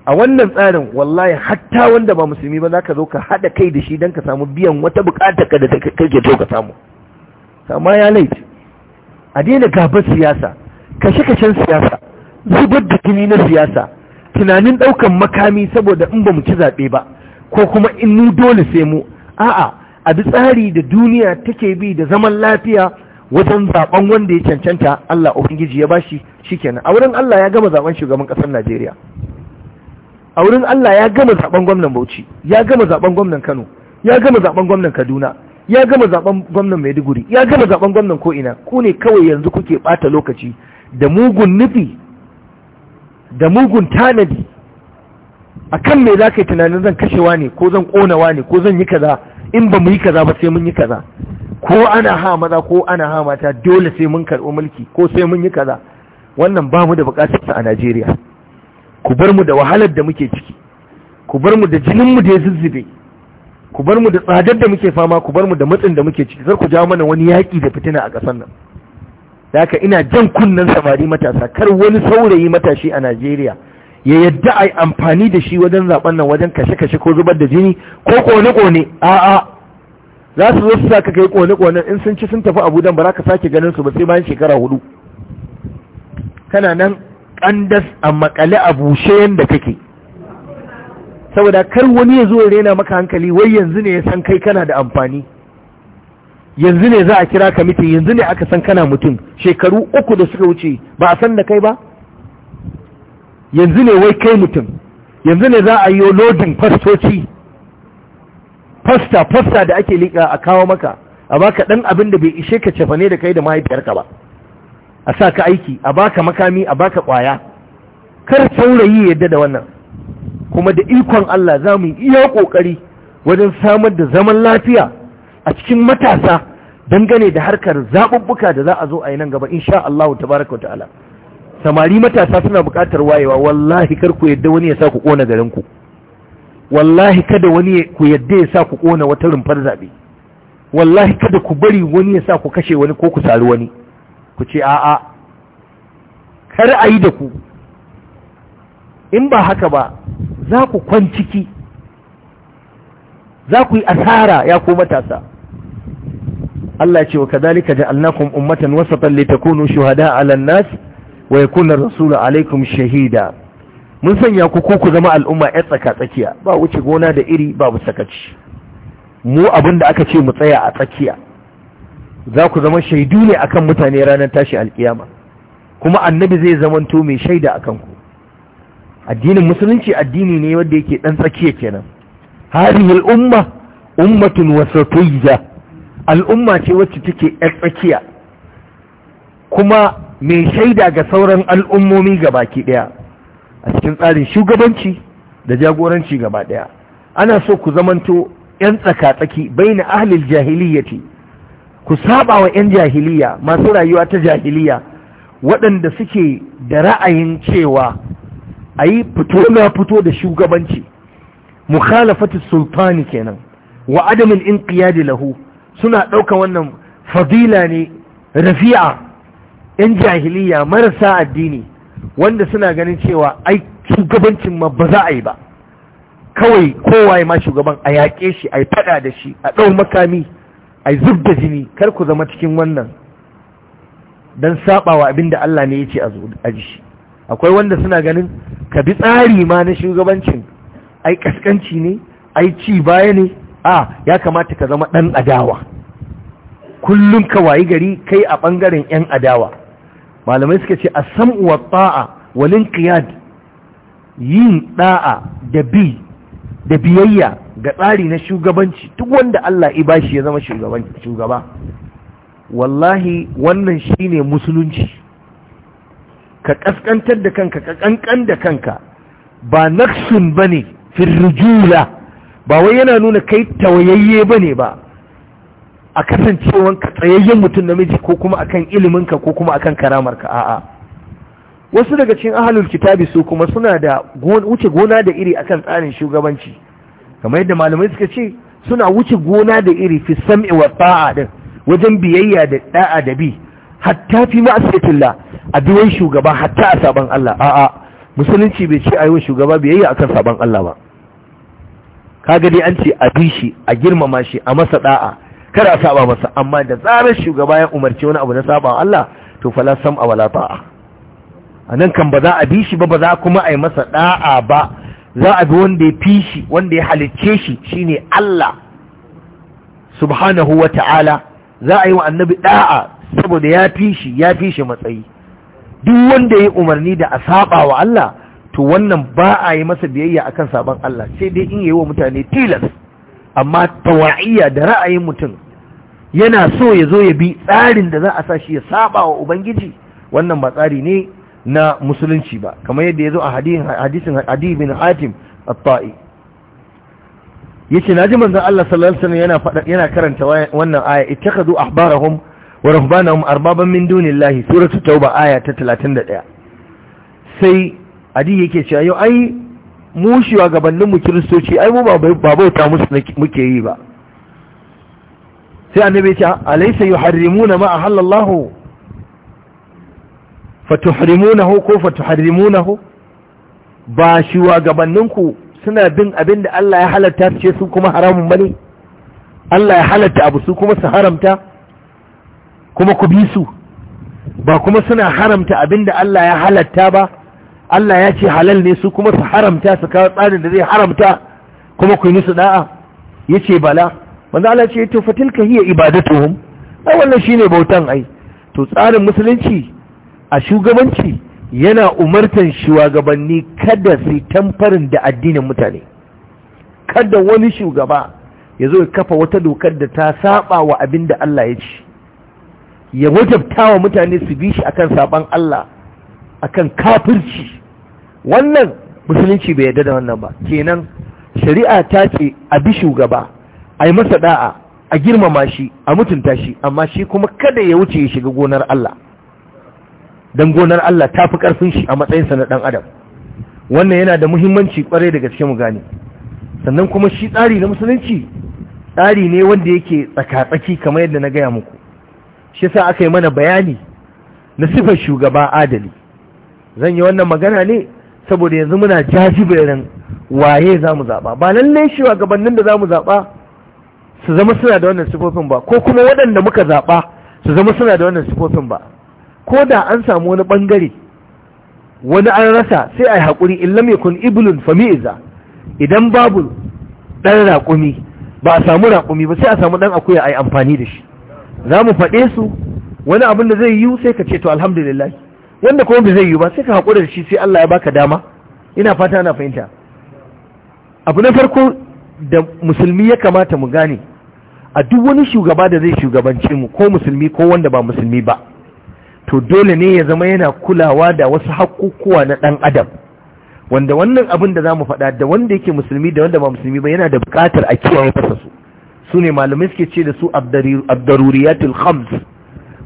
a wannan tsarin wallahi hatta wanda ba musulmi ba za ka zo ka haɗa kai da shi don ka samu biyan wata buƙata ka da kake ka samu amma ya laifi a daina gaban siyasa kashe-kashen siyasa zubar da jini na siyasa tunanin ɗaukan makami saboda in ba mu ci zaɓe ba ko kuma in mu dole sai mu a'a a bi tsari da duniya take bi da zaman lafiya wajen zaben wanda ya cancanta Allah ubangiji ya bashi shikenan a wurin Allah ya gama zaben shugaban kasar Najeriya a wurin Allah ya gama zaben gwamnan Bauchi ya gama zaben gwamnan Kano ya gama zaben gwamnan Kaduna ya gama zaben gwamnan Maiduguri ya gama zaben gwamnan ko'ina ku ne kawai yanzu kuke bata lokaci da mugun nufi da mugun tanadi akan me za ka yi tunanin zan kashewa ne ko zan ƙonawa ne ko zan yi kaza in ba mu yi kaza ba sai mun yi kaza ko ana ha maza ko ana ha mata dole sai mun karɓi mulki ko sai mun yi kaza wannan ba mu da buƙatar sa a Najeriya ku bar mu da wahalar da muke ciki ku bar mu da jinin mu da ya zuzzube ku bar mu da tsadar da muke fama ku bar mu da matsin da muke ciki kar ku ja mana wani yaƙi da fitina a ƙasar nan da ina jan kunnen samari matasa kar wani saurayi matashi a Najeriya ya yadda a yi amfani da shi wajen zaben nan wajen kashe-kashe ko zubar da jini ko kone-kone a'a za su zo su sa ka kai kone-kone in sun ci sun tafi abudan ba za ka sake ganin su ba sai bayan shekara hudu kana nan kandas a makale a bushe yadda kake saboda kar wani ya zo ya rena maka hankali wai yanzu ne ya san kai kana da amfani yanzu ne za a kira ka miti yanzu ne aka san kana mutum shekaru uku da suka wuce ba a san da kai ba yanzu ne wai kai mutum yanzu ne za a yi lodin fastoci fasta fasta da ake liƙa a kawo maka a baka ɗan abin da bai ishe ka ne da kai da mahaifiyarka ba a sa ka aiki a baka makami a baka ƙwaya kar saurayi yadda da wannan kuma da ikon Allah za mu iya ƙoƙari wajen samar da zaman lafiya a cikin matasa dangane da harkar zaɓuɓɓuka da za a zo a yi nan gaba insha Allah tabaraka wa ta'ala samari matasa suna buƙatar wayewa wallahi kar ku yadda wani ya sa ku ƙona garin ku wallahi kada wani ku yadda ya sa ku ƙona wata rumfar zaɓe wallahi kada ku bari wani ya sa ku kashe wani ko ku sari wani ku ce a'a kar a yi da ku in ba haka ba za ku kwanciki za ku yi asara ya ko matasa Allah ce wa kadhalika ja'alnakum ummatan wasatan litakunu shuhada'a 'alan nas wa yakuna rasulu alaikum shahida mun sanya ku ku ku zama al'umma ya tsaka tsakiya ba wuce gona da iri ba bu sakaci mu abin aka ce mu tsaya a tsakiya za ku zama shaidu ne akan mutane ranar tashi alkiyama kuma annabi zai zamanto mai shaida akan ku addinin musulunci addini ne wanda yake dan tsakiya kenan hadhihi al'umma umma ummatun wasatiyya al'umma ce wacce take yar tsakiya kuma mai shaida ga sauran al'ummomi ga baki ɗaya a cikin tsarin shugabanci da jagoranci gaba ɗaya ana so ku zamanto 'yan tsaka-tsaki bai na jahiliya jahiliyyati ku saba wa 'yan jahiliya masu rayuwa ta jahiliya waɗanda suke da ra'ayin cewa a yi fito na fito da shugabanci mukhalafatu sultani kenan wa adamin in lahu suna ɗauka wannan fadila ne rafi'a 'yan jahiliya marasa addini wanda suna ganin cewa ai shugabancin ma ba za a yi ba kawai kowa ya ma shugaban a yaƙe shi a yi faɗa da shi a ɗau makami a zub da jini kar ku zama cikin wannan don saɓawa abin da Allah ne ya ce a ji shi akwai wanda suna ganin ka bi tsari ma na shugabancin ai kaskanci ne ai ci baya ne a ya kamata ka zama ɗan adawa kullum ka wayi gari kai a ɓangaren 'yan adawa malamai suka ce a samu wa ta'a walin kiyad yin da'a da bi da biyayya ga tsari na shugabanci duk wanda Allah ya bashi ya zama shugaba wallahi wannan shine musulunci ka kaskantar da kanka ka kankan da kanka ba naksun bane fi rujula ba wai yana nuna kai tawayayye bane ba a kasancewan ka tsayayyen mutum namiji ko kuma akan iliminka ko kuma akan karamarka a'a wasu daga cikin ahalul kitabi su kuma suna da wuce gona da iri akan tsarin shugabanci kamar yadda malamai suka ce suna wuce gona da iri fi sam'i wa ta'a din wajen biyayya da da'a da bi hatta fi ma'asiyatillah a biwan shugaba hatta a saban Allah a'a musulunci bai ce ayi wa shugaba biyayya akan saban Allah ba kaga dai an ce a bi shi a girmama shi a masa da'a kada saba masa amma da zarar shugaba ya umarci wani abu na saba Allah to fala sam a wala ta'a a kan ba za a bi shi ba ba za kuma a yi masa da'a ba za a bi wanda ya fi shi wanda ya halicce shi shine Allah subhanahu wa ta'ala za a yi wa annabi da'a saboda ya fi shi ya fi shi matsayi duk wanda ya umarni da a saba wa Allah to wannan ba a yi masa biyayya akan saban Allah sai dai in yi wa mutane tilas amma tawa'iyya da ra'ayin mutum yana so ya zo ya bi tsarin da za a sa shi ya saba wa ubangiji wannan ba tsari ne na musulunci ba kamar yadda ya zo a hadisin hadi bin hatim at-ta'i yace naji manzon Allah sallallahu alaihi wasallam yana fada yana karanta wannan aya ittakhadhu ahbarahum wa ruhbanahum arbaban min dunillahi suratul tauba aya ta 31 sai adi yake cewa yau ai mu gabaninmu kiristoci ai mu ba bauta musu muke yi ba sai annabi ce alaysa yuharrimuna ma ahallallahu fatuhrimunahu ko fatuharrimunahu ba gabaninku suna bin abin da Allah ya halatta ce su kuma haramun bane Allah ya halatta abu su kuma su haramta kuma ku bi su ba kuma suna haramta abin da Allah ya halatta ba Allah ya ce halal ne su kuma su haramta su kawo tsarin da zai haramta kuma ku yi musu da'a Ya ce bala wanda Allah ce to ka hiya ibadatuhum ai wannan shine bautan ai to tsarin musulunci a shugabanci yana umartan shugabanni kada su tamfarin da addinin mutane kada wani shugaba ya zo ya kafa wata dokar da ta saba wa abin da Allah ya ce ya wajabta wa mutane su bi shi akan saban Allah akan kafirci wannan musulunci bai yarda da wannan ba kenan shari'a ta ce a bi shugaba a yi masa da'a a girmama shi a mutunta shi amma shi kuma kada ya wuce ya shiga gonar Allah don gonar Allah ta fi ƙarfin shi a matsayinsa na ɗan adam wannan yana da muhimmanci ƙwarai da gaske mu gane sannan kuma shi tsari na musulunci tsari ne wanda yake tsaka-tsaki kamar yadda na gaya muku shi yasa aka yi mana bayani na sifar shugaba adali zan yi wannan magana ne saboda yanzu muna jajiberin waye za mu zaɓa ba lallai shi gabanin da za mu zaɓa su zama suna da wannan sifofin ba ko kuma waɗanda muka zaɓa su zama suna da wannan sifofin ba ko da an samu wani ɓangare wani an rasa sai a yi haƙuri in lam yakun iblun fami'iza idan babu ɗan raƙumi ba a samu raƙumi ba sai a samu ɗan akuya a yi amfani da shi za mu faɗe su wani abin da zai yiwu sai ka ce to alhamdulillah wanda kuma ba zai yi ba sai ka haƙura da shi sai Allah ya baka dama ina fata ana fahimta abu na farko da musulmi ya kamata mu gane a duk wani shugaba da zai shugabance mu ko musulmi ko wanda ba musulmi ba to dole ne ya zama yana kulawa da wasu haƙuƙuwa na ɗan adam wanda wannan abin da za mu faɗa da wanda yake musulmi da wanda ba musulmi ba yana da buƙatar a kiyaye fasa su su ne malamai suke ce da su abdaruriyatul khams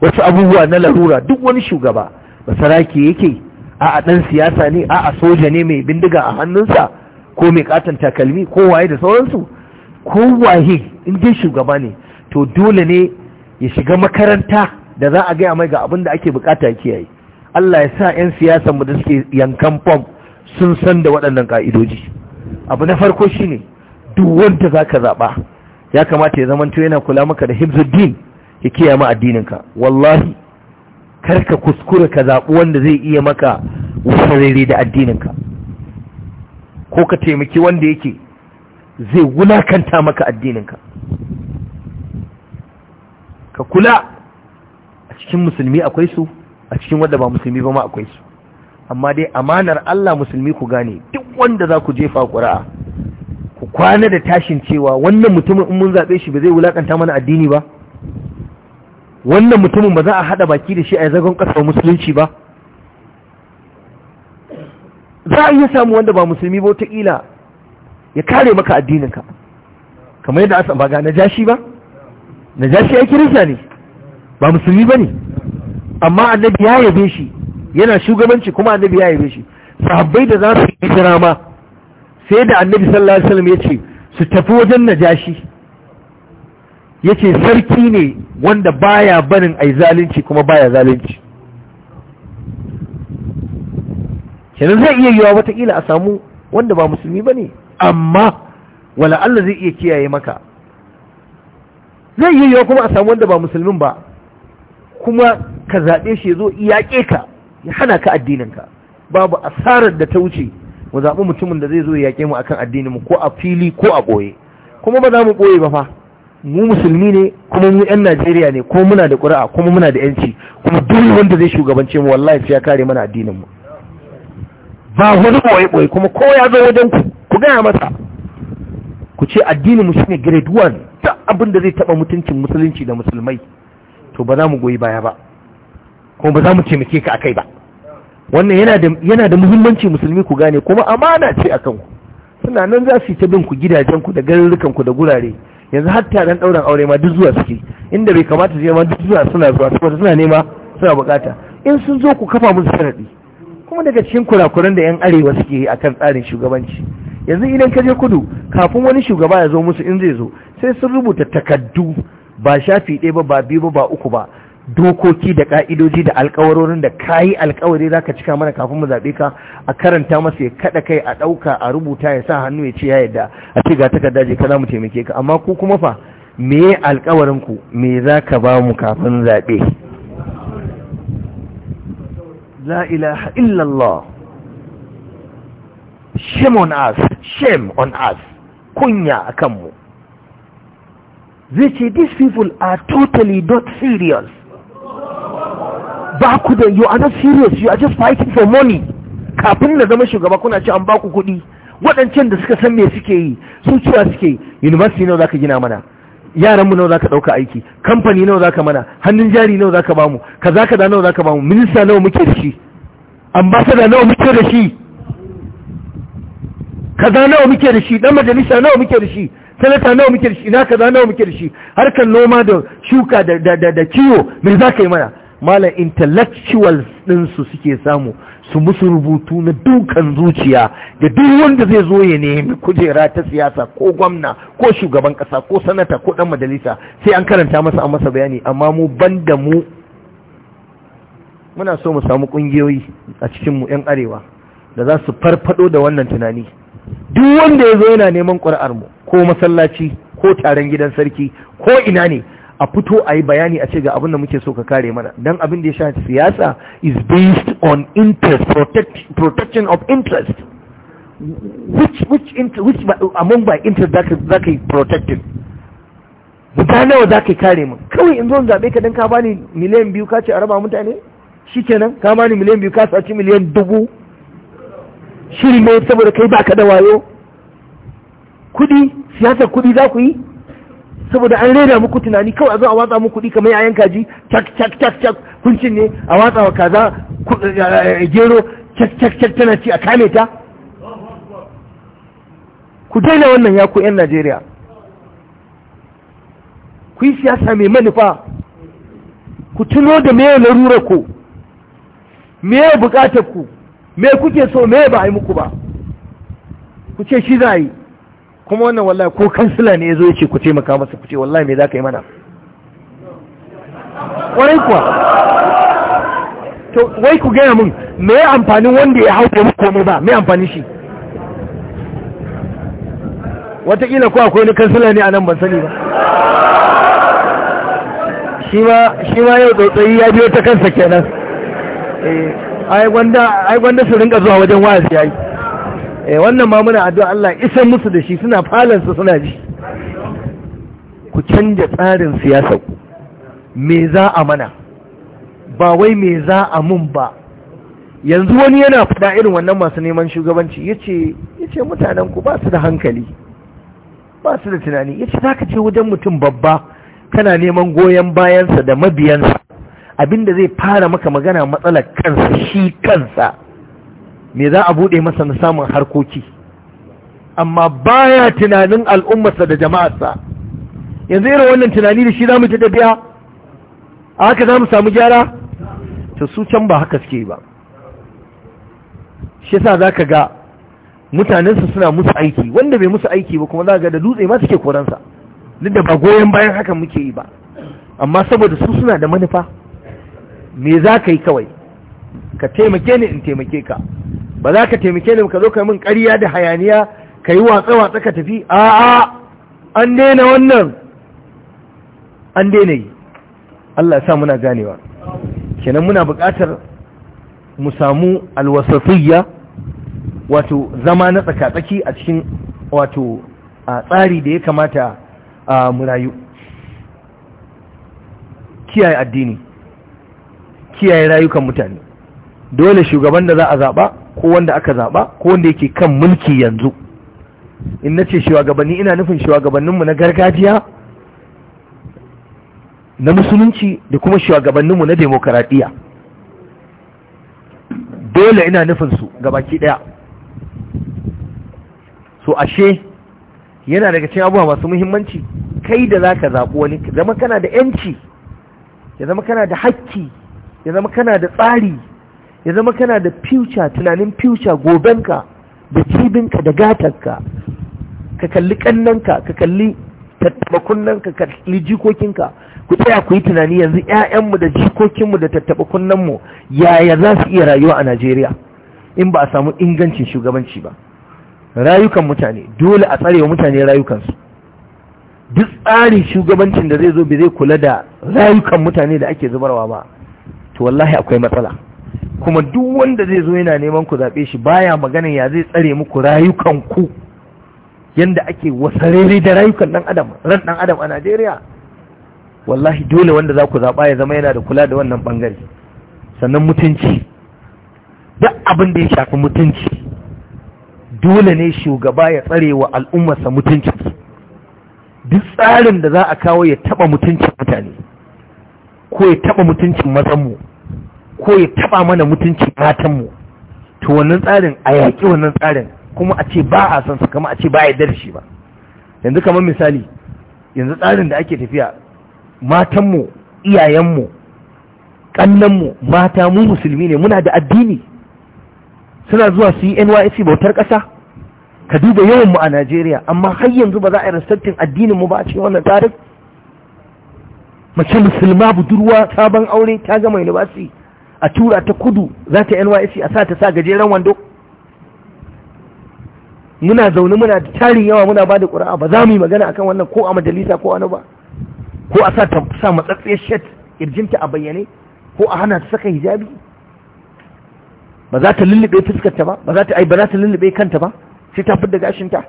wasu abubuwa na larura duk wani shugaba basaraki yake a'a ɗan siyasa ne a'a soja ne mai bindiga a hannunsa ko mai katon takalmi ko waye da sauransu ko waye in dai shugaba ne to dole ne ya shiga makaranta da za a gaya mai ga abin da ake bukata kiyaye Allah ya sa 'yan siyasan mu da suke yankan fom sun san da waɗannan ka'idoji abu na farko shine duk wanda za ka zaɓa ya kamata ya zamanto yana kula maka da hibzuddin ya kiyaye ma addininka wallahi Kar ka kuskure ka zaɓi wanda zai iya maka rere da addininka ko ka taimaki wanda yake zai wulakanta maka addininka ka kula a cikin musulmi akwai su a cikin wanda ba musulmi ba ma akwai su amma dai amanar Allah musulmi ku gane duk wanda za ku jefa ƙura'a ku kwana da tashin cewa wannan mutumin in mun zaɓe shi ba zai wulakanta mana addini ba wannan mutumin ba za a haɗa baki da shi a zagon ƙasa musulunci ba za a iya samu wanda ba musulmi ba wataƙila ya kare maka addininka kamar yadda asan ba ga najashi ba najashi ya kirista ne ba musulmi ba ne amma annabi ya yabe shi yana shugabanci kuma annabi ya yabe shi sahabbai da za su yi jira ma sai da annabi sallallahu alaihi wasallam ya ce su tafi wajen najashi ya ce sarki ne wanda baya barin ai zalunci kuma baya zalunci kenan zai iya yiwa watakila a samu wanda ba musulmi ba ne amma wala Allah zai iya kiyaye maka zai iya yiwa kuma a samu wanda ba musulmin ba kuma ka zaɓe shi ya zo yaƙe ka ya hana ka addininka babu asarar da ta wuce mu zaɓi mutumin da zai zo ya yaƙe mu akan addininmu ko a fili ko a ɓoye kuma ba za mu ɓoye ba fa mu musulmi ne kuma mu yan Najeriya ne kuma muna da ƙuri'a kuma muna da yanci kuma duk wanda zai shugabance mu wallahi sai ya kare mana addinin mu ba wani boye boye kuma ko ya zo wajen ku ku gaya masa ku ce addinin mu shine grade 1 ta abin da zai taba mutuncin musulunci da musulmai to ba za mu goyi baya ba kuma ba za mu taimake ka akai ba wannan yana da yana da muhimmanci musulmi ku gane kuma amana ce akan ku suna nan za su yi ta bin ku gidajen ku da garurukan ku da gurare yanzu har taron ɗauran aure ma duk zuwa suke inda bai kamata je ma duk zuwa suna zuwa saboda suna nema suna bukata in sun zo ku kafa musu sanadi kuma daga cikin kurakuran da yan arewa suke yi akan tsarin shugabanci yanzu idan ka je kudu kafin wani shugaba ya zo musu in zai zo sai sun rubuta takaddu ba shafi ɗaya ba ba biyu ba ba uku ba dokoki da ka'idoji da alkawarorin da kayi alkawari zaka cika mana kafin mu zabe ka a karanta masa ya kaɗa kai a ɗauka a rubuta ya sa hannu ya ce ya yadda a ce ga takarda je ka mu taimake ka amma ku kuma fa me alkawarin ku me zaka ba mu kafin zabe la ilaha illallah shame on us shame on us kunya akan mu zai ce these people are totally not serious ba ku da you are not serious you are just fighting for money kafin na zama shugaba kuna ce an ba ku kuɗi waɗancan da suka san me suke yi su cewa suke university nawa zaka gina mana yaran mu nawa zaka ɗauka aiki kamfani nawa zaka mana hannun jari nawa zaka bamu kaza kaza nawa zaka bamu minista nawa muke da shi ambassador nawa muke da shi kaza nawa muke da shi dan majalisa nawa muke da shi talata nawa muke da shi ina kaza nawa muke da shi harkar noma da shuka da da da kiwo me zaka yi mana mala intellectuals su suke samu su musu rubutu na dukan zuciya da duk wanda zai zo ya nemi kujera ta siyasa ko gwamna ko shugaban ƙasa ko sanata ko ɗan majalisa sai an karanta masa a masa bayani amma mu ban da mu muna so mu samu ƙungiyoyi a cikin mu 'yan arewa da za su farfado da wannan tunani duk wanda ya zo yana neman ƙuri'ar mu ko masallaci ko taron gidan sarki ko ina ne a fito a yi bayani a ce ga abin da muke so ka kare mana don abin da ya sha siyasa is based on interest protect, protection of interest which which inter, which among by interest za ka yi protected Mutane nawa za ka kare mu kawai in zo in zaɓe ka don ka bani miliyan biyu ka ce a raba mutane shi kenan ka bani miliyan biyu ka saci miliyan dubu Shirin ne saboda kai baka da wayo kudi siyasar kudi za ku yi saboda an rena muku tunani kawai a zo a watsa muku kuɗi kamar yayan kaji cak cak cak cak cin ne a watsa wa kaza eh, eh, gero cak cak cak tana ci a kame ta ku daina wannan ya ku yan Najeriya ku yi siyasa mai manufa ku tuno da me rura ku me bukatar ku me kuke so me ba a yi muku ba ku ce shi za a yi kuma wannan wallahi ko kansila ne ya zo ya ce ku taimaka masa ku ce wallahi me za ka yi mana ƙwarai kuwa to wai ku gaya mun me ya amfanin wanda ya hau kuma komai ba me amfani shi watakila ko akwai wani kansila ne a nan ban sani ba shi ma yau tsotsayi ya biyo ta kansa kenan eh, ai gwanda su rinka zuwa wajen wa'azi yayi Eh, wannan ma muna addu'a Allah isan musu da shi suna falansu suna ji ku canja tsarin siyasa ku me za a mana ba wai me za a mun ba yanzu wani yana fada irin wannan masu neman shugabanci yace yace mutanen ku ba su da hankali ba su da tunani yace zaka je wajen mutum babba kana neman goyon bayansa da mabiyansa abinda zai fara maka magana matsalar kansa shi kansa me za a bude masa na samun harkoki amma baya tunanin al'ummarsa da jama'arsa yanzu irin wannan tunani da shi za mu ta tafiya a haka za mu samu gyara ta su can ba haka suke ba shi sa za ka ga mutanensu suna musu aiki wanda bai musu aiki ba kuma za ga da dutse ma suke koransa duk da ba goyon bayan haka muke yi ba amma saboda su suna da manufa me za ka yi kawai ka taimake ni in taimake ka ba za ka taimake ni ka zo ka min ƙarya da hayaniya ka yi watsa watsa ka tafi a'a an daina wannan an daina yi Allah ya sa muna ganewa kenan muna buƙatar mu samu alwasafiyya wato zama na tsakatsaki a cikin wato a tsari da ya kamata a murayu kiyaye addini kiyaye rayukan mutane dole shugaban da za a zaɓa ko wanda aka zaba, ko wanda yake kan mulki yanzu in na ce shugabanni ina nufin shugabanninmu na gargajiya na musulunci da kuma shugabanninmu na demokaradiyya dole ina nufin su gabaki ɗaya so ashe yana daga cikin abubuwa masu muhimmanci kai da zaka zaɓi wani zama kana da yanci ya zama kana da hakki ya zama kana da tsari ya zama kana da future tunanin future gobenka da cibinka da gatarka ka kalli kannanka ka kalli tattabakunnanka ka kalli jikokinka ku tsaya ku yi tunani yanzu 'ya'yanmu da jikokinmu da tattabakunanmu yaya za su iya rayuwa a najeriya in ba a samu ingancin shugabanci ba rayukan mutane dole a tsarewa mutane rayukansu duk tsarin shugabancin da zai zo bai zai kula da rayukan mutane da ake zubarwa ba to wallahi akwai matsala kuma duk wanda zai zo yana neman ku zaɓe shi baya magana ya zai tsare muku rayukan ku yanda ake wasarere da rayukan ɗan adam ran ɗan adam a Najeriya wallahi dole wanda za ku zaɓa ya zama yana da kula da wannan ɓangare sannan mutunci duk abin da ya shafi mutunci dole ne shugaba ya tsare wa al'ummarsa mutuncin. duk tsarin da za a kawo ya taɓa mutuncin mutane ko ya taɓa mutuncin mazanmu ko ya taba mana mutunci matanmu to wannan tsarin a yaƙi wannan tsarin kuma a ce ba a son su kama a ce ba a yadda da shi ba yanzu kamar misali yanzu tsarin da ake tafiya matanmu iyayenmu ƙannanmu mata mu musulmi ne muna da addini suna zuwa su yi NYSC bautar ƙasa ka duba yawan mu a Najeriya amma har yanzu ba za a yi rastattin addinin mu ba a ce wannan tsarin mace musulma budurwa sabon aure ta gama university a tura ta kudu za ta nysc a sa ta sa gajeren wando muna zaune muna da tarin yawa muna ba da ƙura'a ba za mu yi magana akan wannan ko a majalisa ko wani ba ko a sa ta sa matsatsiyar shet irjinta a bayyane ko a hana ta saka hijabi ba za ta lullube fuskarta ba ba za ta ba za ta lullube kanta ba sai ta fidda gashinta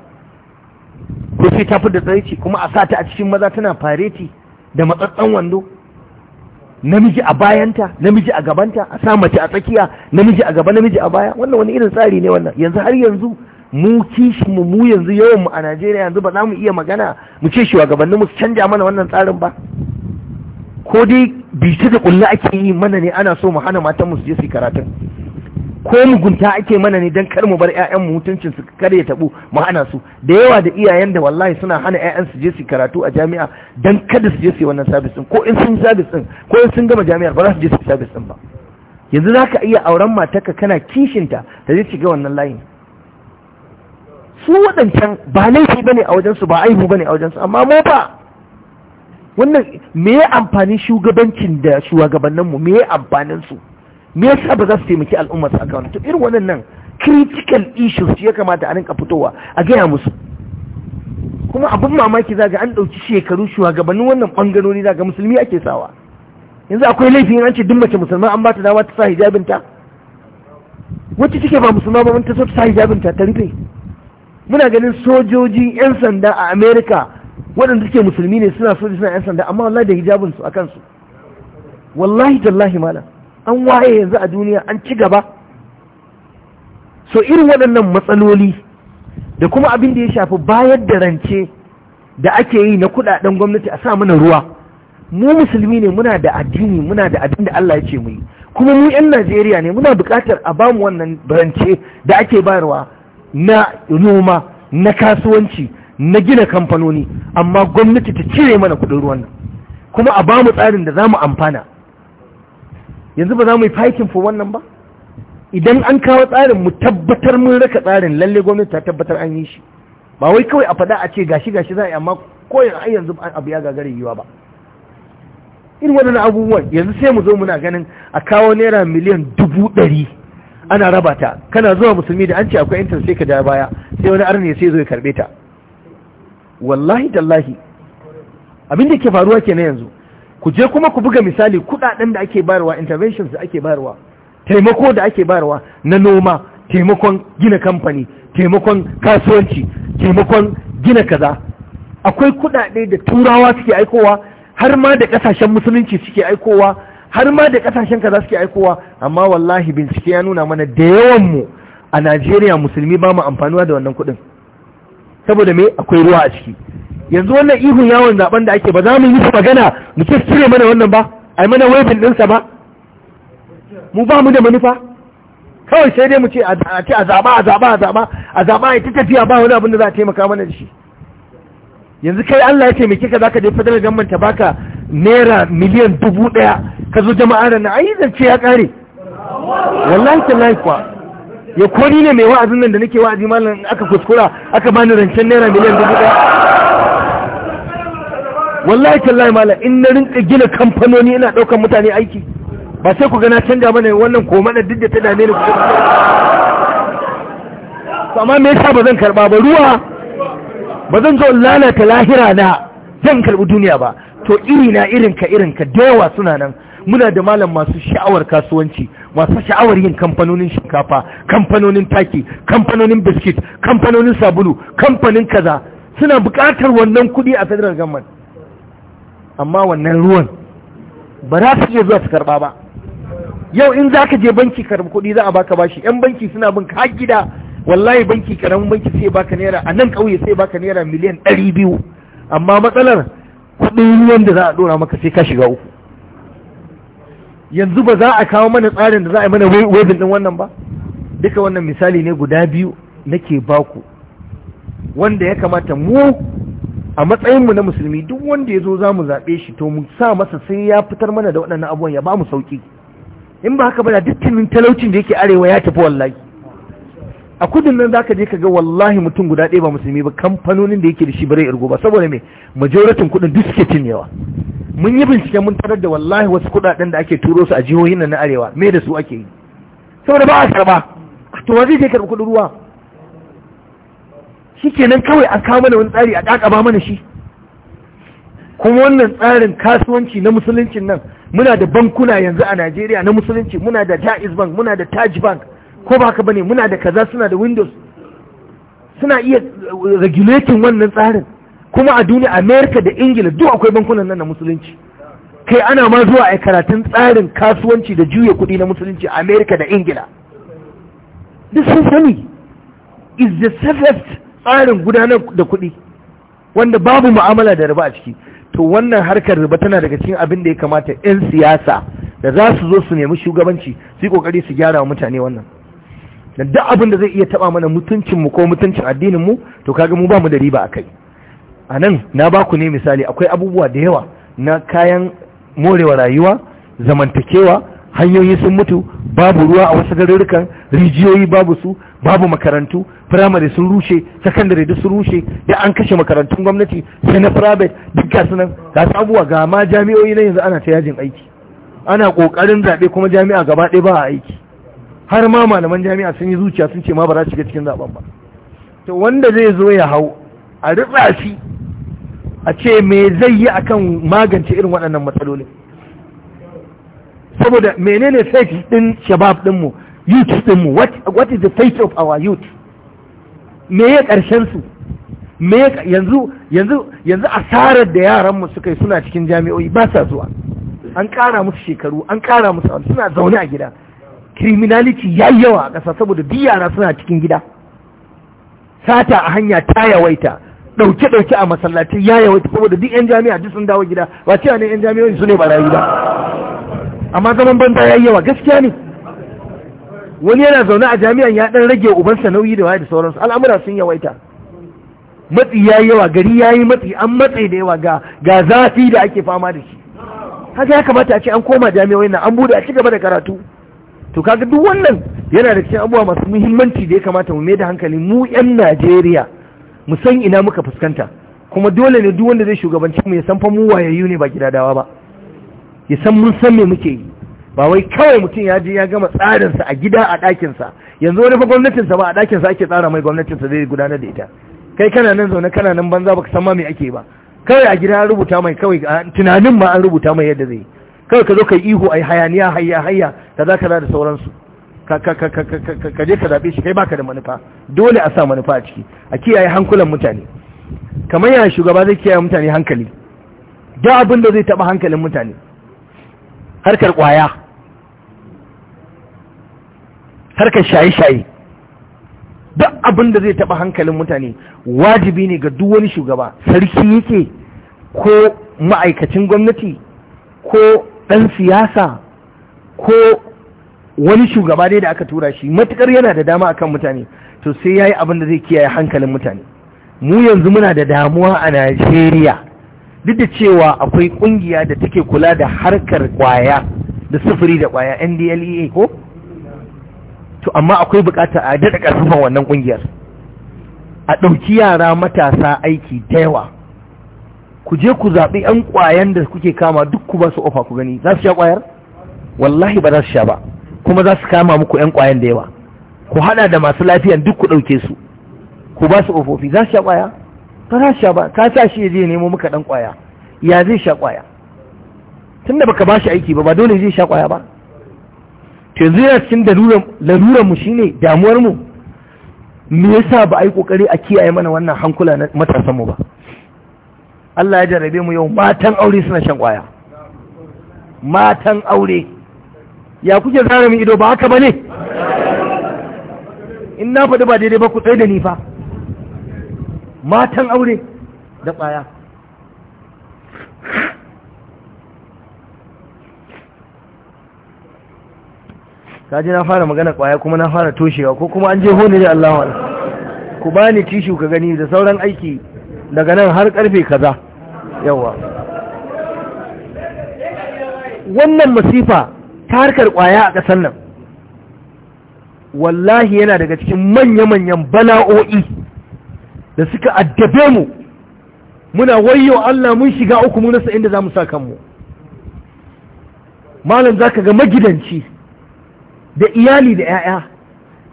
ko sai ta fidda tsaraici kuma a sa ta a cikin maza tana fareti da matsatsen wando namiji a bayanta namiji a gabanta a sa mace a tsakiya namiji a gaba namiji a baya wannan wani irin tsari ne wannan yanzu har yanzu mu kishi mu mu yanzu yawan mu a Najeriya yanzu ba za mu iya magana mu ce shi wa gabanin mu canja mana wannan tsarin ba ko dai ta da kullu ake yi mana ne ana so mu hana matan mu su je su karatun ko mugunta ake mana ne don kar mu bar ƴaƴanmu mutuncin su kar ya tabu mu hana su da yawa da iyayen da wallahi suna hana ƴaƴan su je su karatu a jami'a don kada su je su yi wannan sabis ɗin, ko in sun sabis din ko in sun gama jami'ar ba za su je su sabis din ba yanzu za ka iya auren matarka kana kishinta ta zai shiga wannan layin su waɗancan ba laifi ba ne a wajensu ba aihu ba ne a wajensu amma mu ba wannan me ya amfani shugabancin da shugabanninmu me ya amfaninsu me yasa ba za su taimaki al'umma su aka to irin waɗannan critical issues ya kamata a rinka fitowa a gaya musu kuma abin mamaki za ga an ɗauki shekaru shugabannin wannan ɓangarori ga musulmi ake sawa yanzu akwai laifin an ce duk mace musulma an ba ta dama ta sa hijabinta wacce take ba musulma ba ta so ta sa hijabinta ta rufe muna ganin sojoji yan sanda a america waɗanda suke musulmi ne suna soji suna yan sanda amma wallahi da hijabinsu a kansu wallahi tallahi malam an waye yanzu a duniya an ci gaba so irin waɗannan matsaloli da kuma abin da ya shafi bayar da rance da ake yi na kuɗaɗen gwamnati a sa mana ruwa mu musulmi ne muna da addini muna da abin da Allah ya ce mu yi kuma mu 'yan Najeriya ne muna buƙatar a bamu wannan rance da ake bayarwa na noma na kasuwanci na gina kamfanoni amma gwamnati ta cire mana kuɗin ruwan nan kuma a bamu tsarin da za mu amfana yanzu ba za mu yi fighting for wannan ba idan an kawo tsarin mu tabbatar mun raka tsarin lalle gwamnati ta tabbatar an yi shi ba wai kawai a faɗa a ce gashi gashi za a yi amma ko yanzu abu ya gagare yiwa ba in waɗannan abubuwan yanzu sai mu zo muna ganin a kawo naira miliyan dubu ɗari ana raba ta kana zuwa musulmi da an ce akwai intan sai ka da baya sai wani arne sai zo ya karɓe ta wallahi tallahi abin da ke faruwa kenan yanzu ku je kuma ku buga misali kudaden da ake bayarwa interventions da ake bayarwa taimako da ake bayarwa na noma taimakon gina kamfani taimakon kasuwanci taimakon gina kaza akwai kudade da turawa suke aikowa har ma da kasashen musulunci suke aikowa har ma da kasashen kaza suke aikowa amma wallahi bincike ya nuna mana da yawan mu a Najeriya musulmi ba mu amfanuwa da wannan kudin saboda me akwai ruwa a ciki yanzu wannan ihun yawon zaben da ake ba za mu yi magana mu ce cire mana wannan ba ai mana wefin ɗinsa ba mu ba mu da manufa kawai sai dai mu ce a ce a zaɓa a zaɓa a zaɓa a zaɓa ya ta tafiya ba wani abin da za a taimaka mana da shi yanzu kai Allah ya taimake ka zaka je fadar government ta baka naira miliyan dubu ɗaya ka zo jama'a da na ayi zance ya kare wallahi ta laifuwa ya kori ne mai wa'azin nan da nake wa'azi malam aka kuskura aka bani rancen naira miliyan dubu ɗaya wallahi tallahi mala in na rinka gina kamfanoni ina ɗaukar mutane aiki ba sai ku gana canja mana wannan ko mana duk da ta dame ni ku amma me yasa ba zan karba ba ruwa ba zan zo lalata lahira na zan karbi duniya ba to iri na irin ka irin ka dawa suna nan muna da malam masu sha'awar kasuwanci masu sha'awar yin kamfanonin shinkafa kamfanonin taki kamfanonin biskit kamfanonin sabulu kamfanin kaza suna buƙatar wannan kuɗi a federal government amma wannan ruwan ba za su iya zuwa su karba ba yau in za ka je banki karbi kuɗi za a baka bashi yan banki suna bin ka gida wallahi banki karamin banki sai baka naira a nan ƙauye sai baka naira miliyan ɗari biyu amma matsalar kuɗin ruwan da za a ɗora maka sai ka shiga uku yanzu ba za a kawo mana tsarin da za a yi mana webin ɗin wannan ba duka wannan misali ne guda biyu nake baku wanda ya kamata mu a matsayin mu na musulmi duk wanda ya zo za mu zaɓe shi to mu sa masa sai ya fitar mana da waɗannan abubuwan ya ba mu sauki. in ba haka ba na dukkanin talaucin da yake arewa ya tafi wallahi a kudin nan zaka je ka ga wallahi mutum guda ɗaya ba musulmi ba kamfanonin da yake da shi bare irgo ba saboda me majoratin kuɗin duk suke cinyewa mun yi bincike mun tarar da wallahi wasu kuɗaɗen da ake turo su a jihohin nan na arewa me da su ake yi saboda ba a karba to wa zai je karɓi kuɗin ruwa shi kenan kawai an kawo mana wani tsari a ƙaƙaba mana shi kuma wannan tsarin kasuwanci na musuluncin nan muna da bankuna yanzu a najeriya na musulunci muna da jaiz bank muna da taj bank ko ba haka bane muna da kaza suna da windows suna iya uh, regulating wannan tsarin kuma a duniya america da ingila duk akwai bankunan nan na musulunci kai ana ma zuwa a karatun tsarin kasuwanci da juya kuɗi na musulunci a america da ingila this is is the safest tsarin gudanar da kuɗi wanda babu mu'amala da riba a ciki to wannan harkar riba tana daga cikin abin da ya kamata 'yan siyasa da za su zo su nemi shugabanci su yi kokari su gyara wa mutane wannan da duk abin da zai iya taba mana mutuncin mu ko mutuncin addinin mu to kaga mu ba mu da riba akai a nan na ba ku ne misali akwai abubuwa da yawa na kayan morewa rayuwa zamantakewa hanyoyi sun mutu babu ruwa a wasu garurrukan rijiyoyi babu su babu makarantu firamare sun rushe sakandare duk sun rushe da an kashe makarantun gwamnati sai na private duk ga sunan ga sabuwa ga ma jami'o'i na yanzu ana ta yajin aiki ana kokarin zaɓe kuma jami'a gaba ɗaya ba a aiki har ma malaman jami'a sun yi zuciya sun ce ma ba za su shiga cikin zaɓen ba to wanda zai zo ya hau a ritsa shi a ce me zai yi akan magance irin waɗannan matsalolin saboda menene sai din shabab mu youth dinmu what, what is the fate of our youth me ya ƙarshen su me yanzu yanzu yanzu asarar da yaran mu suka yi suna cikin jami'o'i ba sa zuwa an ƙara musu shekaru an ƙara musu suna zaune a gida criminality ya yi yawa a ƙasa saboda duk yara suna cikin gida sata a hanya ta yawaita ɗauke ɗauke a masallaci ya yawaita saboda duk yan jami'a duk sun dawo gida ba cewa ne yan jami'o'i su ne rayu ba amma zaman banza ya yi yawa gaskiya ne wani yana zaune a jami'an ya dan rage ubansa nauyi da waye da sauransu al'amura sun yawaita matsi ya yi yawa gari ya yi matsi an matsi da yawa ga ga zafi da ake fama da shi haka ya kamata a ce an koma jami'a nan an bude a ci gaba da karatu to kaga duk wannan yana da cikin abubuwa masu muhimmanci da ya kamata mu mai da hankali mu yan Najeriya mu san ina muka fuskanta kuma dole ne duk wanda zai shugabanci mu ya san fa mu wayayyu ne ba gidadawa ba ya san mun san me muke yi ba wai kawai mutum ya je ya gama tsarinsa a gida a ɗakinsa yanzu wani fa gwamnatinsa ba a ɗakinsa ake tsara mai gwamnatinsa zai gudanar da ita kai kana nan zaune kana nan banza baka san ma me ake ba kawai a gida an rubuta mai kawai tunanin ma an rubuta mai yadda zai kawai ka zo ka yi ihu ai hayaniya hayya hayya kaza kaza da sauransu ka je ka zaɓe shi kai baka da manufa dole a sa manufa a ciki a kiyaye hankulan mutane kamar yana shugaba zai kiyaye mutane hankali da abin da zai taɓa hankalin mutane harkar ƙwaya harkar shaye-shaye duk abin da zai taɓa hankalin mutane wajibi ne ga duk wani shugaba sarki yake ko ma'aikacin gwamnati ko ɗan siyasa ko wani shugaba dai da aka tura shi matukar yana da dama akan mutane to sai ya yi abin da zai kiyaye hankalin mutane mu yanzu muna da damuwa a najeriya duk da cewa akwai ƙungiya da take kula da harkar kwaya da sufuri da kwaya ndlea ko to amma akwai bukata a daɗa ƙarfafan wannan ƙungiyar a ɗauki yara matasa aiki da yawa ku je ku zaɓi 'yan ƙwayan da kuke kama duk ku ba su ofa ku gani za su sha ƙwayar wallahi ba za su sha ba kuma za su kama muku 'yan ƙwayan da yawa ku haɗa da masu lafiyan duk ku ɗauke su ku ba su ofofi za su sha ƙwaya ba za su sha ba ka sa shi zai nemo muka ɗan ƙwaya ya zai sha ƙwaya Tunda baka ba shi aiki ba ba dole zai sha ƙwaya ba to yanzu yana cikin larurar mu shine damuwar mu me yasa ba a yi kokari a kiyaye mana wannan hankula na matasan mu ba Allah ya jarabe mu yau matan aure suna shan kwaya matan aure ya kuke zara min ido ba haka ba ne in na faɗi ba daidai ba ku tsaye da ni fa matan aure da kwaya ji na fara magana kwaya kuma na fara toshewa ko kuma an je hone da Allah wa ku bani tishu ka gani da sauran aiki daga nan har karfe kaza yawa wannan masifa ta harkar kwaya a ƙasar nan wallahi yana daga cikin manya-manyan bala'o'i da suka addabe mu muna wayo Allah mun shiga uku mun rasa inda za mu sa kanmu malam za ka ga magidanci da iyali da 'ya'ya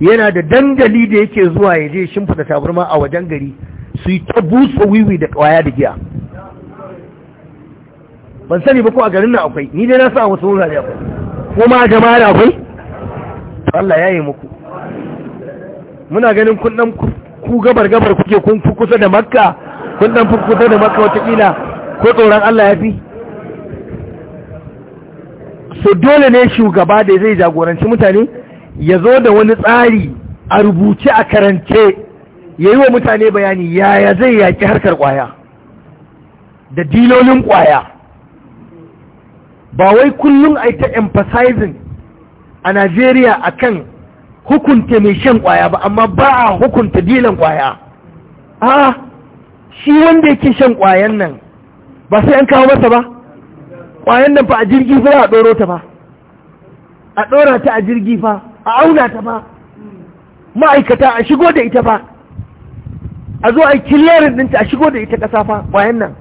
yana da dandali da yake zuwa ya je shimfida tabarma a wajen gari su yi ta busa wiwi da kwaya da giya ban sani ba ko a garin na akwai ni dai na sa wasu wurare akwai kuma jama'a akwai Allah ya yi muku muna ganin kun ɗan ku gabar gabar kuke kun fi kusa da makka kun dan fi kusa da makka wata ko tsoron Allah ya fi so dole ne shugaba da zai jagoranci mutane ya zo da wani tsari a rubuce a karance ya yi wa mutane bayani yaya zai yaƙi harkar ƙwaya da dilolin ƙwaya ba wai kullum a ta emphasizing a Najeriya akan hukunta mai shan ƙwaya ba amma ba a hukunta dilan ƙwaya a shi wanda yake shan ƙwayan nan ba sai an kawo masa ba ƙwayan nan fa a jirgi fa a ɗoro ta fa a ɗora ta a jirgi fa a auna ta fa ma'aikata a shigo da ita fa a zo a yi killarin ɗinta a shigo da ita ƙasa fa ƙwayan nan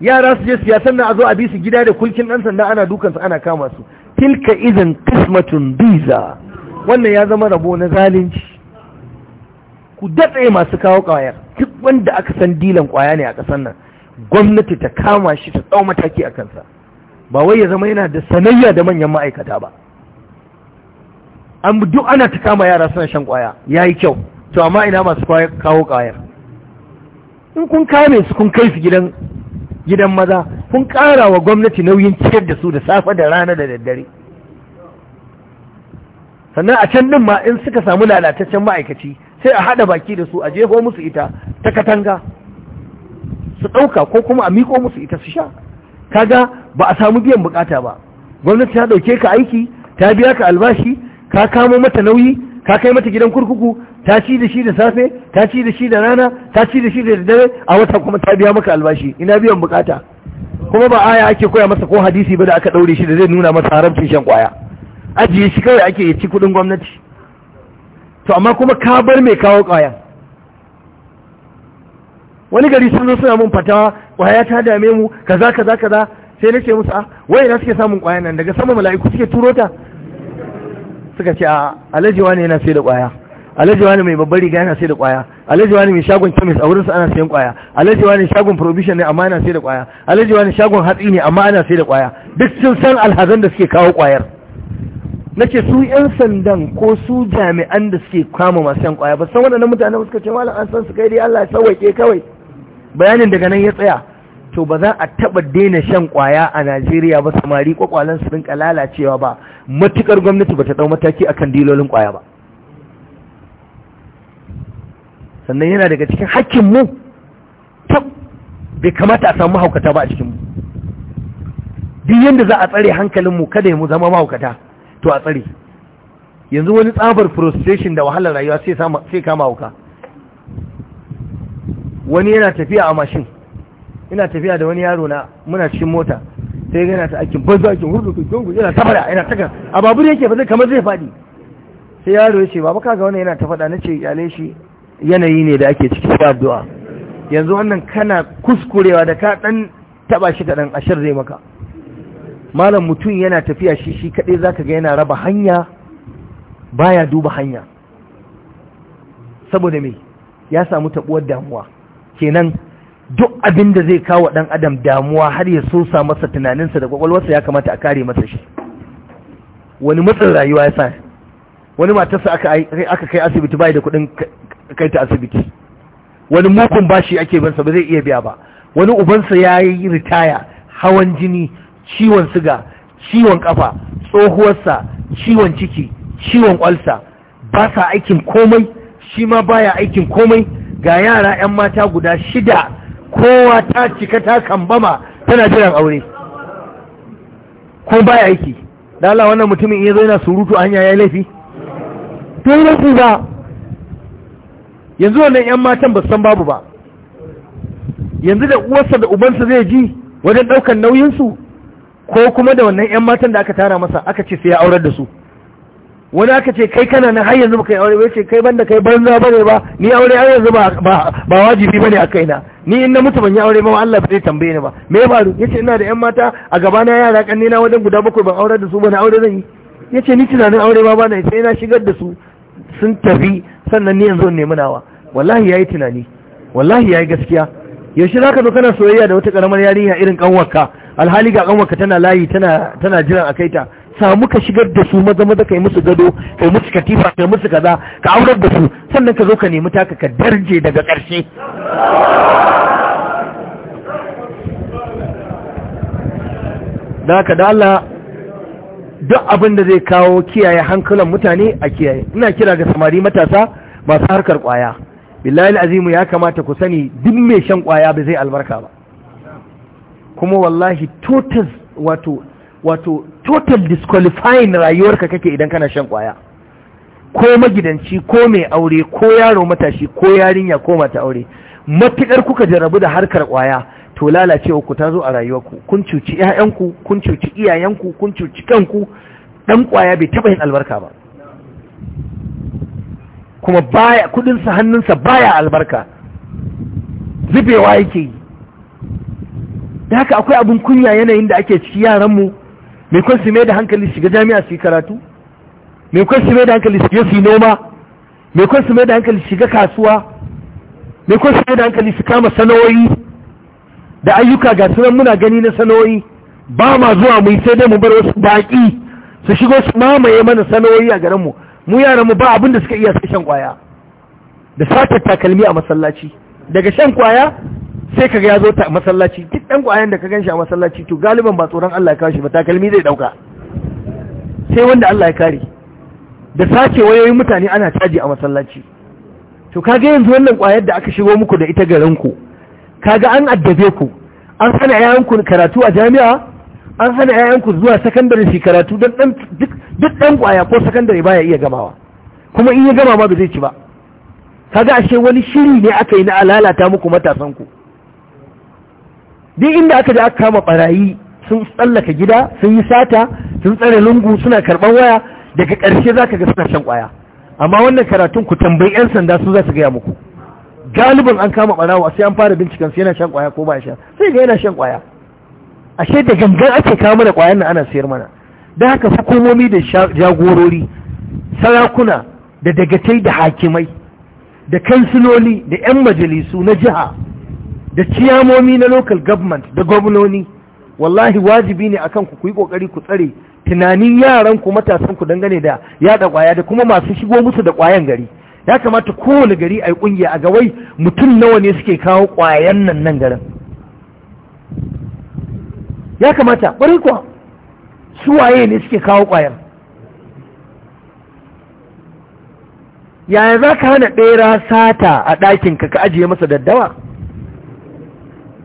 yara su je siyasan nan a zo a bi su gida da kulkin ɗan sanda ana dukansu ana kama su tilka izin kismatun biza wannan ya zama rabo na zalunci ku datse masu kawo ƙwayar duk wanda aka san dilan ƙwaya ne a ƙasar nan gwamnati ta kama shi ta tsawon mataki a kansa ba wai ya zama yana da sanayya da manyan ma'aikata ba an duk ana ta kama yara suna shan kwaya ya yi kyau to amma ina masu kawo kwayar in kun kame su kun kai su gidan maza kun kara wa gwamnati nauyin ciyar da su da safe da rana da daddare sannan a can ɗin ma in suka samu lalataccen ma'aikaci sai a haɗa baki da su a jefo musu ita ta katanga su ɗauka ko kuma a miko musu ita su sha kaga ba a samu biyan bukata ba gwamnati ta ɗauke ka aiki ta biya ka albashi ka kamo mata nauyi ka kai mata gidan kurkuku ta ci da shi da safe ta ci da shi da rana ta ci da shi da dare a wata kuma ta biya maka albashi ina biyan bukata kuma ba aya ake koya masa ko hadisi ba da aka ɗaure shi da zai nuna masa haramcin shan kwaya ajiye shi kawai ake ci kuɗin gwamnati to amma kuma ka bar mai kawo kwayan wani gari sun zo suna mun fatawa kwaya ta dame mu kaza kaza kaza sai na ce musu a ah, wai na suke samun kwaya nan daga sama mala'iku suke turo ta suka ce a ah, alhaji wani yana sai da kwaya alhaji wani mai babbar riga yana sai da kwaya alhaji wani mai shagon chemist a wurin sa ana sayan kwaya alhaji wani shagon provision ne amma yana sai da kwaya alhaji wani shagon hatsi ne amma ana sai da kwaya duk sun san alhazan da suke kawo kwayar nace su yan sandan ko su jami'an da suke kama masu yan kwaya ba san wadannan mutane suka ce malam an san su kai dai Allah ya sauwake kawai bayanin daga nan ya tsaya to ba za a taba daina shan kwaya a Najeriya ba samari kwakwalen su rinka lalacewa ba matukar gwamnati ba ta dau mataki akan dilolin kwaya ba sannan yana daga cikin hakkin mu bai kamata a samu haukata ba a cikin mu duk yanda za a tsare hankalin mu kada mu zama mahaukata to a tsare yanzu wani tsabar frustration da wahalar rayuwa sai kama hauka wani yana tafiya a mashin ina tafiya da wani yaro na muna cikin mota sai yana ta aikin banzu aikin hurdu ku gungu yana ta fada yana taka a babur yake ba zai kamar zai fadi sai yaro yace baba kaga wannan yana ta fada nace yale shi yanayi ne da ake ciki da addu'a yanzu wannan kana kuskurewa da ka dan taba shi kadan ashar zai maka malam mutum yana tafiya shi shi kadai zaka ga yana raba hanya baya duba hanya saboda me ya samu tabuwar damuwa kenan duk abin da zai kawo ɗan adam damuwa har ya sosa masa tunaninsa da kwakwalwarsa ya kamata a kare masa shi wani matsin rayuwa ya sa wani matarsa aka kai asibiti bai da kuɗin kai ta asibiti wani mukun bashi ake bansa ba zai iya biya ba wani ubansa ya yi ritaya hawan jini ciwon siga ciwon kafa tsohuwarsa ciwon ciki ciwon kwalsa ba sa aikin komai shi ma baya aikin komai ga yara 'yan mata guda shida kowa ta cika ta kambama tana jiran aure ko baya aiki da Allah wannan mutumin iya zo yana surutu a hanya ya laifi to yi laifi ba yanzu wannan 'yan matan ba san babu ba yanzu da uwarsa da ubansa zai ji wajen ɗaukar nauyinsu ko kuma da wannan 'yan matan da aka tara masa aka ce sai ya aurar da su wani aka ce kai kana na har yanzu kai aure ba ce kai banda kai banza ne ba ni aure har yanzu ba ba wajibi bane a kaina ni in na mutu ban yi aure ba Allah ba zai tambaye ni ba me ya faru yace ina da yan mata a gaba na yara kan na wajen guda bakwai ban aure da su ba na aure zan yi yace ni tunanin aure ba bana sai na shigar da su sun tafi sannan ni yanzu nemi nawa wallahi yayi tunani wallahi yayi gaskiya yaushe zaka zo kana soyayya da wata karamar yarinya irin kanwarka alhali ga kanwarka tana layi tana tana jiran a kaita samu ka shigar da su maza maza kai musu gado kai musu katifa kai musu kaza ka aurar da su sannan ka zo ka nemi taka ka darje daga ƙarshe Daka da Allah duk abin da zai kawo kiyaye hankulan mutane a kiyaye ina kira ga samari matasa masu harkar kwaya billahi azimu ya kamata ku sani duk mai shan kwaya ba zai albarka ba kuma wallahi totas wato wato total disqualifying rayuwarka kake idan kana shan kwaya ko magidanci ko mai aure ko yaro matashi ko yarinya ko mata aure matukar kuka jarabu da harkar kwaya to lalacewa ku ta zo a rayuwarku kun cuci ƴaƴanku kun cuci iyayenku kun cuci kanku dan kwaya bai taba yin albarka ba kuma baya kudinsa hannunsa baya albarka zubewa yake yi da haka akwai abin kunya yanayin da ake ciki yaranmu mai kwan su mai da hankali shiga jami'a su yi karatu mai kwan su mai da hankali su yi noma mai kwan su mai da hankali shiga kasuwa mai kwan su mai da hankali su kama sana'o'i da ayyuka ga sunan muna gani na sana'o'i ba ma zuwa mu sai dai mu bar wasu baƙi su shigo su mamaye mana sana'o'i a garin mu Mu yaran mu ba abin da suka iya su shan kwaya da satar takalmi a masallaci daga shan kwaya sai kaga ya zo ta masallaci duk ɗan ƙwayan da ka ganshi a masallaci to galiban ba tsoron Allah ya kawo shi ba takalmi zai ɗauka. sai wanda Allah ya kare da sace wayoyin mutane ana caji a masallaci to kaga yanzu wannan ƙwayar da aka shigo muku da ita garin ku kaga an addabe ku an hana 'ya'yan yayanku karatu a jami'a an hana 'ya'yan ku zuwa sakandare shi karatu dan dan duk dan ƙwaya ko sakandare baya iya gamawa kuma in ya gama ma ba zai ci ba kaga ashe wani shiri ne aka yi na alalata muku matasan ku duk inda aka je aka kama barayi sun tsallaka gida sun yi sata sun tsare lungu suna karban waya daga ƙarshe za ka ga suna shan ƙwaya. amma wannan karatun ku tambayi yan sanda su za su gaya muku galibin an kama barawa sai an fara binciken su yana shan ƙwaya, ko ba sha sai ga yana shan ƙwaya. ashe da gangan ake kawo mana kwayan nan ana sayar mana da haka hukumomi da jagorori sarakuna da dagatai da hakimai da kansiloli da 'yan majalisu na jiha da ciyamomi na local government da gwamnoni wallahi wajibi ne akan ku yi kokari ku tsare tunanin yaran ku matasan ku dangane da yada kwaya da kuma masu shigo musu da kwayan gari ya kamata kowane gari a yi kungiya a wai mutum nawa ne suke kawo kwayan nan nan garin ya kamata bari kuwa su waye ne suke kawo kwayan yaya za ka hana ɗera sata a ɗakinka ka ajiye masa daddawa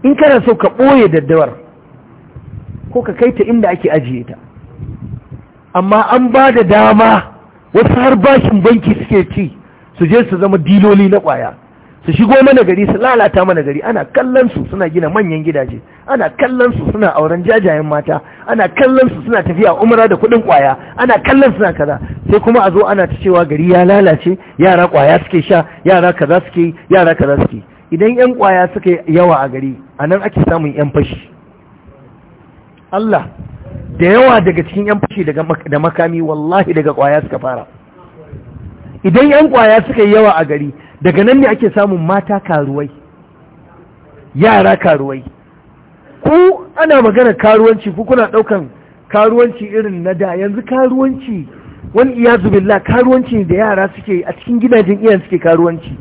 in kana so ka ɓoye daddawar ko ka kai ta inda ake ajiye ta amma an ba da dama wasu har bashin banki suke ci su je su zama diloli na ƙwaya su shigo mana gari su lalata mana gari ana kallon su suna gina manyan gidaje ana kallon su suna auren jajayen mata ana kallon su suna tafiya umara da kuɗin ƙwaya ana kallon suna kaza sai kuma a zo ana ta cewa gari ya lalace yara ƙwaya suke sha yara kaza suke yara kaza suke idan 'yan kwaya suka yawa a gari a nan ake samun 'yan fashi Allah da yawa daga cikin 'yan fashi da makami wallahi daga kwaya suka fara idan 'yan kwaya suka yawa a gari daga nan ne ake samun mata karuwai yara karuwai ku ana magana karuwanci ku kuna ɗaukan karuwanci irin na da yanzu karuwanci wani iyazu billah karuwanci da yara suke a cikin gidajen iya suke karuwanci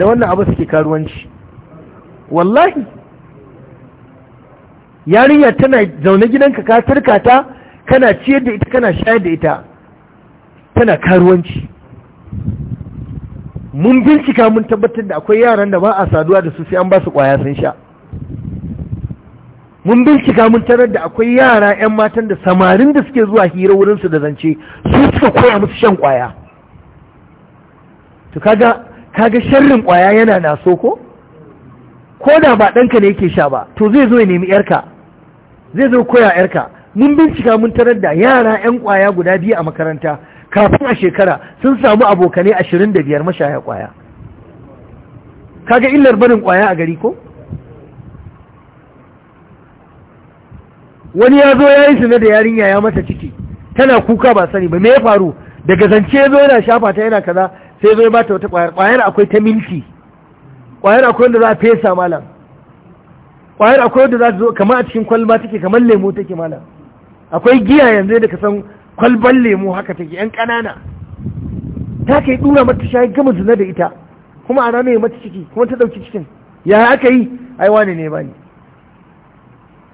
da wannan abu suke karuwanci wallahi yarinya tana zaune gidanka ka turka ta kana ciyar da ita kana shayar da ita tana karuwanci mun bincika mun tabbatar da akwai yaran da ba a saduwa da su sai an ba su kwaya sun sha mun bincika mun tarar da akwai yara 'yan matan da samarin da suke zuwa hira wurinsu da zance su suka koya musu shan kwaya to kaga kaga sharrin kwaya yana naso ko ko da ba ɗanka ne yake sha ba to zai zo ya nemi yarka zai zo koya yarka mun bincika mun tarar da yara 'yan kwaya guda biyu a makaranta kafin a shekara sun samu abokanai ashirin da biyar mashaya kwaya kaga illar barin kwaya a gari ko wani ya zo ya yi zina da yarinya ya mata ciki tana kuka ba sani ba me ya faru daga zance zo yana shafa ta yana kaza sai zo ya bata wata kwayar kwayar akwai ta minti ƙwayar akwai wanda za a fesa malam ƙwayar akwai wanda za ta zo kamar a cikin kwalba take kamar lemu take malam akwai giya yanzu da ka san kwalban lemu haka take yan ƙanana ta kai ɗura mata shayi gama zina da ita kuma a ranar mata ciki kuma ta ɗauki cikin ya aka yi ai wani ne bani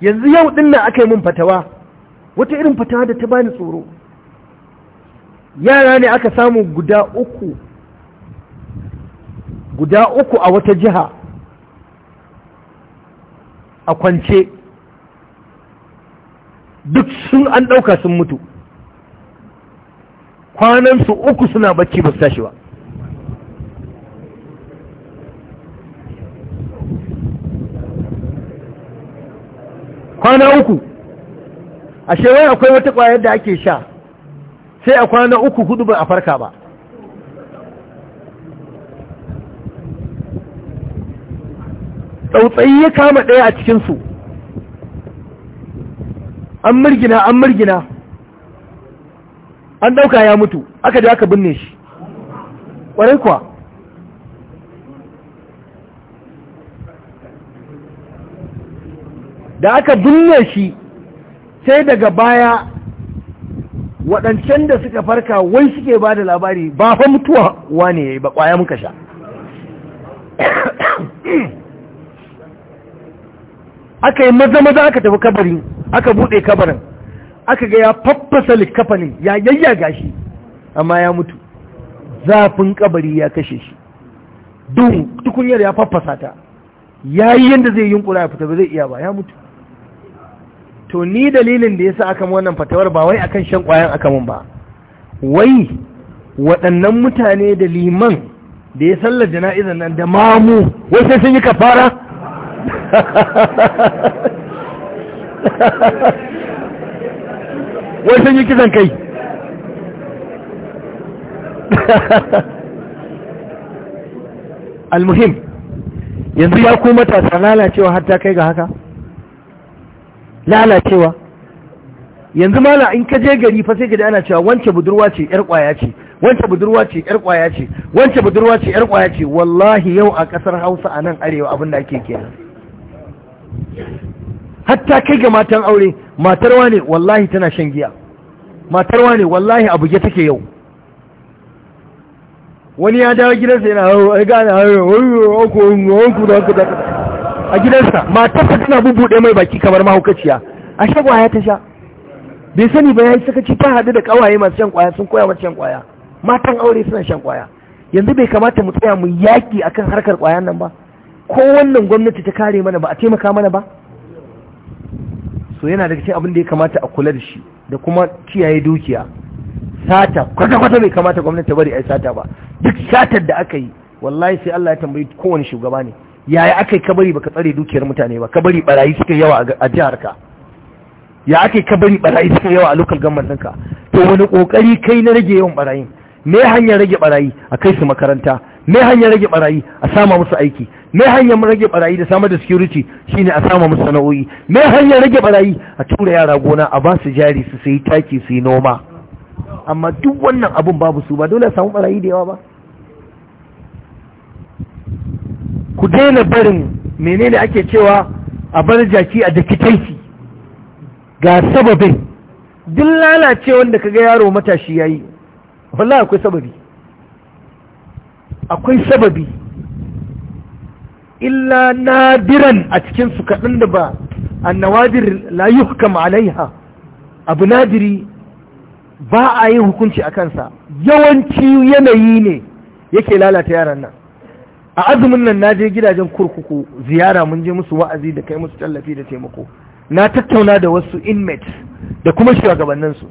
yanzu yau ɗin nan aka yi min fatawa wata irin fatawa da ta bani tsoro yara ne aka samu guda uku guda uku a wata jiha a kwance duk sun an ɗauka sun mutu kwanansu uku suna bacci ba su tashi ba kwana uku ashe wai akwai wata ƙwayar da ake sha sai a kwana uku hudu ba a farka ba tsautsayi ya kama ɗaya a cikinsu an murgina an murgina an ɗauka ya mutu aka da aka binne shi ƙwarai kuwa da aka binne shi sai daga baya waɗancan da suka farka wai suke ba da labari ba fa mutuwa wane ya yi ba ƙwaya muka sha aka yi maza maza aka tafi kabarin aka buɗe kabarin aka ga ya faffasa likafanin ya yayyaga shi amma ya mutu zafin kabari ya kashe shi Duk tukunyar ya faffasa ta ya yi yadda zai yunkura ya fita ba zai iya ba ya mutu to ni dalilin da ya sa aka wannan fatawar ba wai akan shan ƙwayan aka mun ba wai waɗannan mutane da liman da ya sallar jana'izan nan da mamu wai sai sun yi kafara wai sun yi kisan kai almuhim yanzu ya kuma tasa lalacewa har ta kai ga haka lalacewa yanzu mala in ka je gari fa sai ka ana cewa wance budurwa ce yar kwaya ce wance budurwa ce yar kwaya ce wance budurwa ce yar kwaya ce wallahi yau a kasar Hausa a nan arewa abin da ake kenan hatta kai ga matan aure matar wane wallahi tana shan giya matar wane wallahi abu ya take yau wani ya dawo gidansa yana hau ai gane hau da ku da a gidansa matarsa tana bubuɗe mai baki kamar mahaukaciya a sha ƙwaya ta sha bai sani ba ya yi sakaci ta haɗu da ƙawaye masu shan kwaya sun koya masu shan kwaya matan aure suna shan kwaya yanzu bai kamata mu tsaya mu yaƙi akan harkar kwayan nan ba ko wannan gwamnati ta kare mana ba a taimaka mana ba so yana daga cikin abin da ya kamata a kula da shi da kuma kiyaye dukiya sata kwata-kwata bai kamata gwamnati ta bari a yi sata ba duk satar da aka yi wallahi sai Allah ya tambayi kowane shugaba ne yaya aka yi kabari baka tsare dukiyar mutane ba kabari barayi suka yawa a jihar ka ya aka yi kabari barayi suka yawa a lokal gamar ka? to wani kokari kai na rage yawan barayin me hanyar rage barayi a kai su makaranta me hanyar rage barayi a sama musu aiki me hanyar rage barayi da samar da security shine a sama musu sana'o'i me hanyar rage barayi a tura yara gona a ba su jari su sai taki su yi noma amma duk wannan abun babu su ba dole a samu barayi da yawa ba ku daina barin menene ake cewa a bar jaki a dakitaiki ga sababin duk lalacewa wanda kaga yaro matashi yayi wallahi akwai sababi akwai sababi illa nadiran a cikin su kaɗan da ba annawadir la yuhkam alaiha abu nadiri ba a yin hukunci a kansa yawanci yanayi ne yake lalata yaran nan a azumin nan na je gidajen kurkuku ziyara mun je musu wa'azi da kai musu tallafi da taimako na tattauna da wasu inmates da kuma shugabanninsu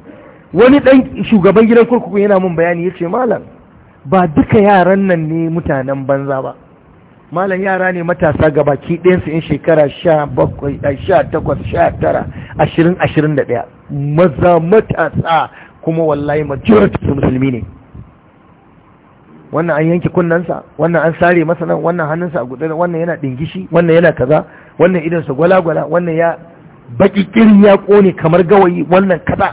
wani ɗan shugaban gidan kurkuku yana min bayani ya ce malam ba duka yaran nan ne mutanen banza ba malam yara ne matasa gabaki ɗayansu in shekara sha bakwai sha takwas sha tara ashirin ashirin da ɗaya maza matasa kuma wallahi majority su musulmi ne wannan an yanke kunnensa wannan an sare masa nan wannan hannunsa a guda wannan yana ɗingishi wannan yana kaza wannan idansa gwalagwala wannan ya baki kirin ya ƙone kamar gawayi wannan kaza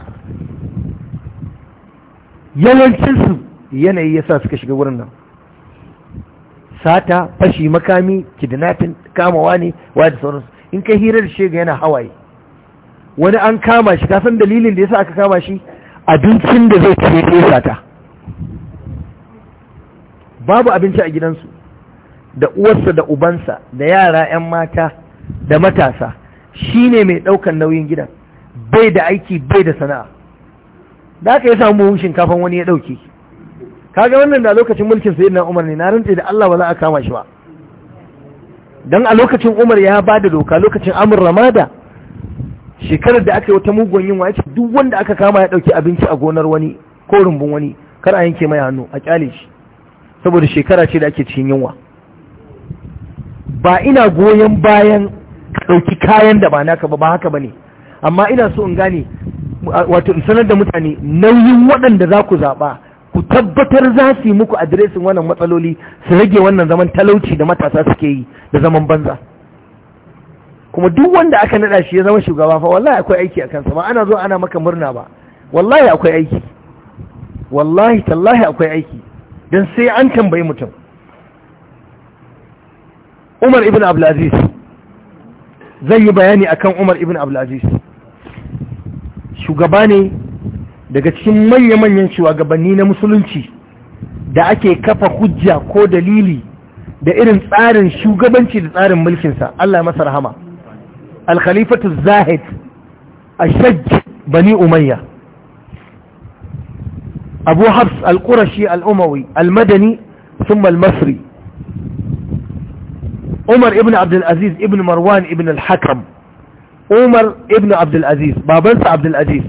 yawancinsu yanayi yasa suka shiga wurin nan sata fashi makami kidnapping kamawa ne wadda sauransu in kai hirar shiga yana hawaye wani an kama shi kasan dalilin da yasa aka kama shi abincin da zai ci ya sata babu abinci a gidansu da uwarsa da ubansa da yara 'yan mata da matasa shi ne mai ɗaukan nauyin gidan bai da aiki bai da sana'a da aka yi samu buhun shinkafan wani ya ɗauki kaga wannan da lokacin mulkin sayyidina Umar ne na rantsi da Allah ba za a kama shi ba dan a lokacin Umar ya ba da doka lokacin Amr Ramada shekarar da aka yi wata mugun yin wace duk wanda aka kama ya dauki abinci a gonar wani ko rumbun wani kar a yanke mai hannu a kyale shi saboda shekara ce da ake cikin yunwa ba ina goyon bayan ka dauki kayan da ba naka ba ba haka bane amma ina so in gane wato in sanar da mutane nauyin waɗanda za ku zaɓa ku tabbatar za su yi muku adiresin wannan matsaloli su rage wannan zaman talauci da matasa suke yi da zaman banza kuma duk wanda aka nada shi ya zama shugaba fa wallahi akwai aiki a kansa ba ana zo ana maka murna ba wallahi akwai aiki wallahi tallahi akwai aiki don sai an tambayi mutum umar ibn abdulaziz zai yi bayani akan umar ibn abdulaziz shugaba ne daga cikin manya-manyan shugabanni na musulunci da ake kafa hujja ko dalili da irin tsarin shugabanci da tsarin mulkinsa Allah masa rahama al-khalifatu zahid ashaj bani umayya abu habs al-qurashi al-umawi al-madani thumma al-masri umar ibn abdul aziz ibn marwan ibn al-hakam umar ibn abdul aziz babansa abdul aziz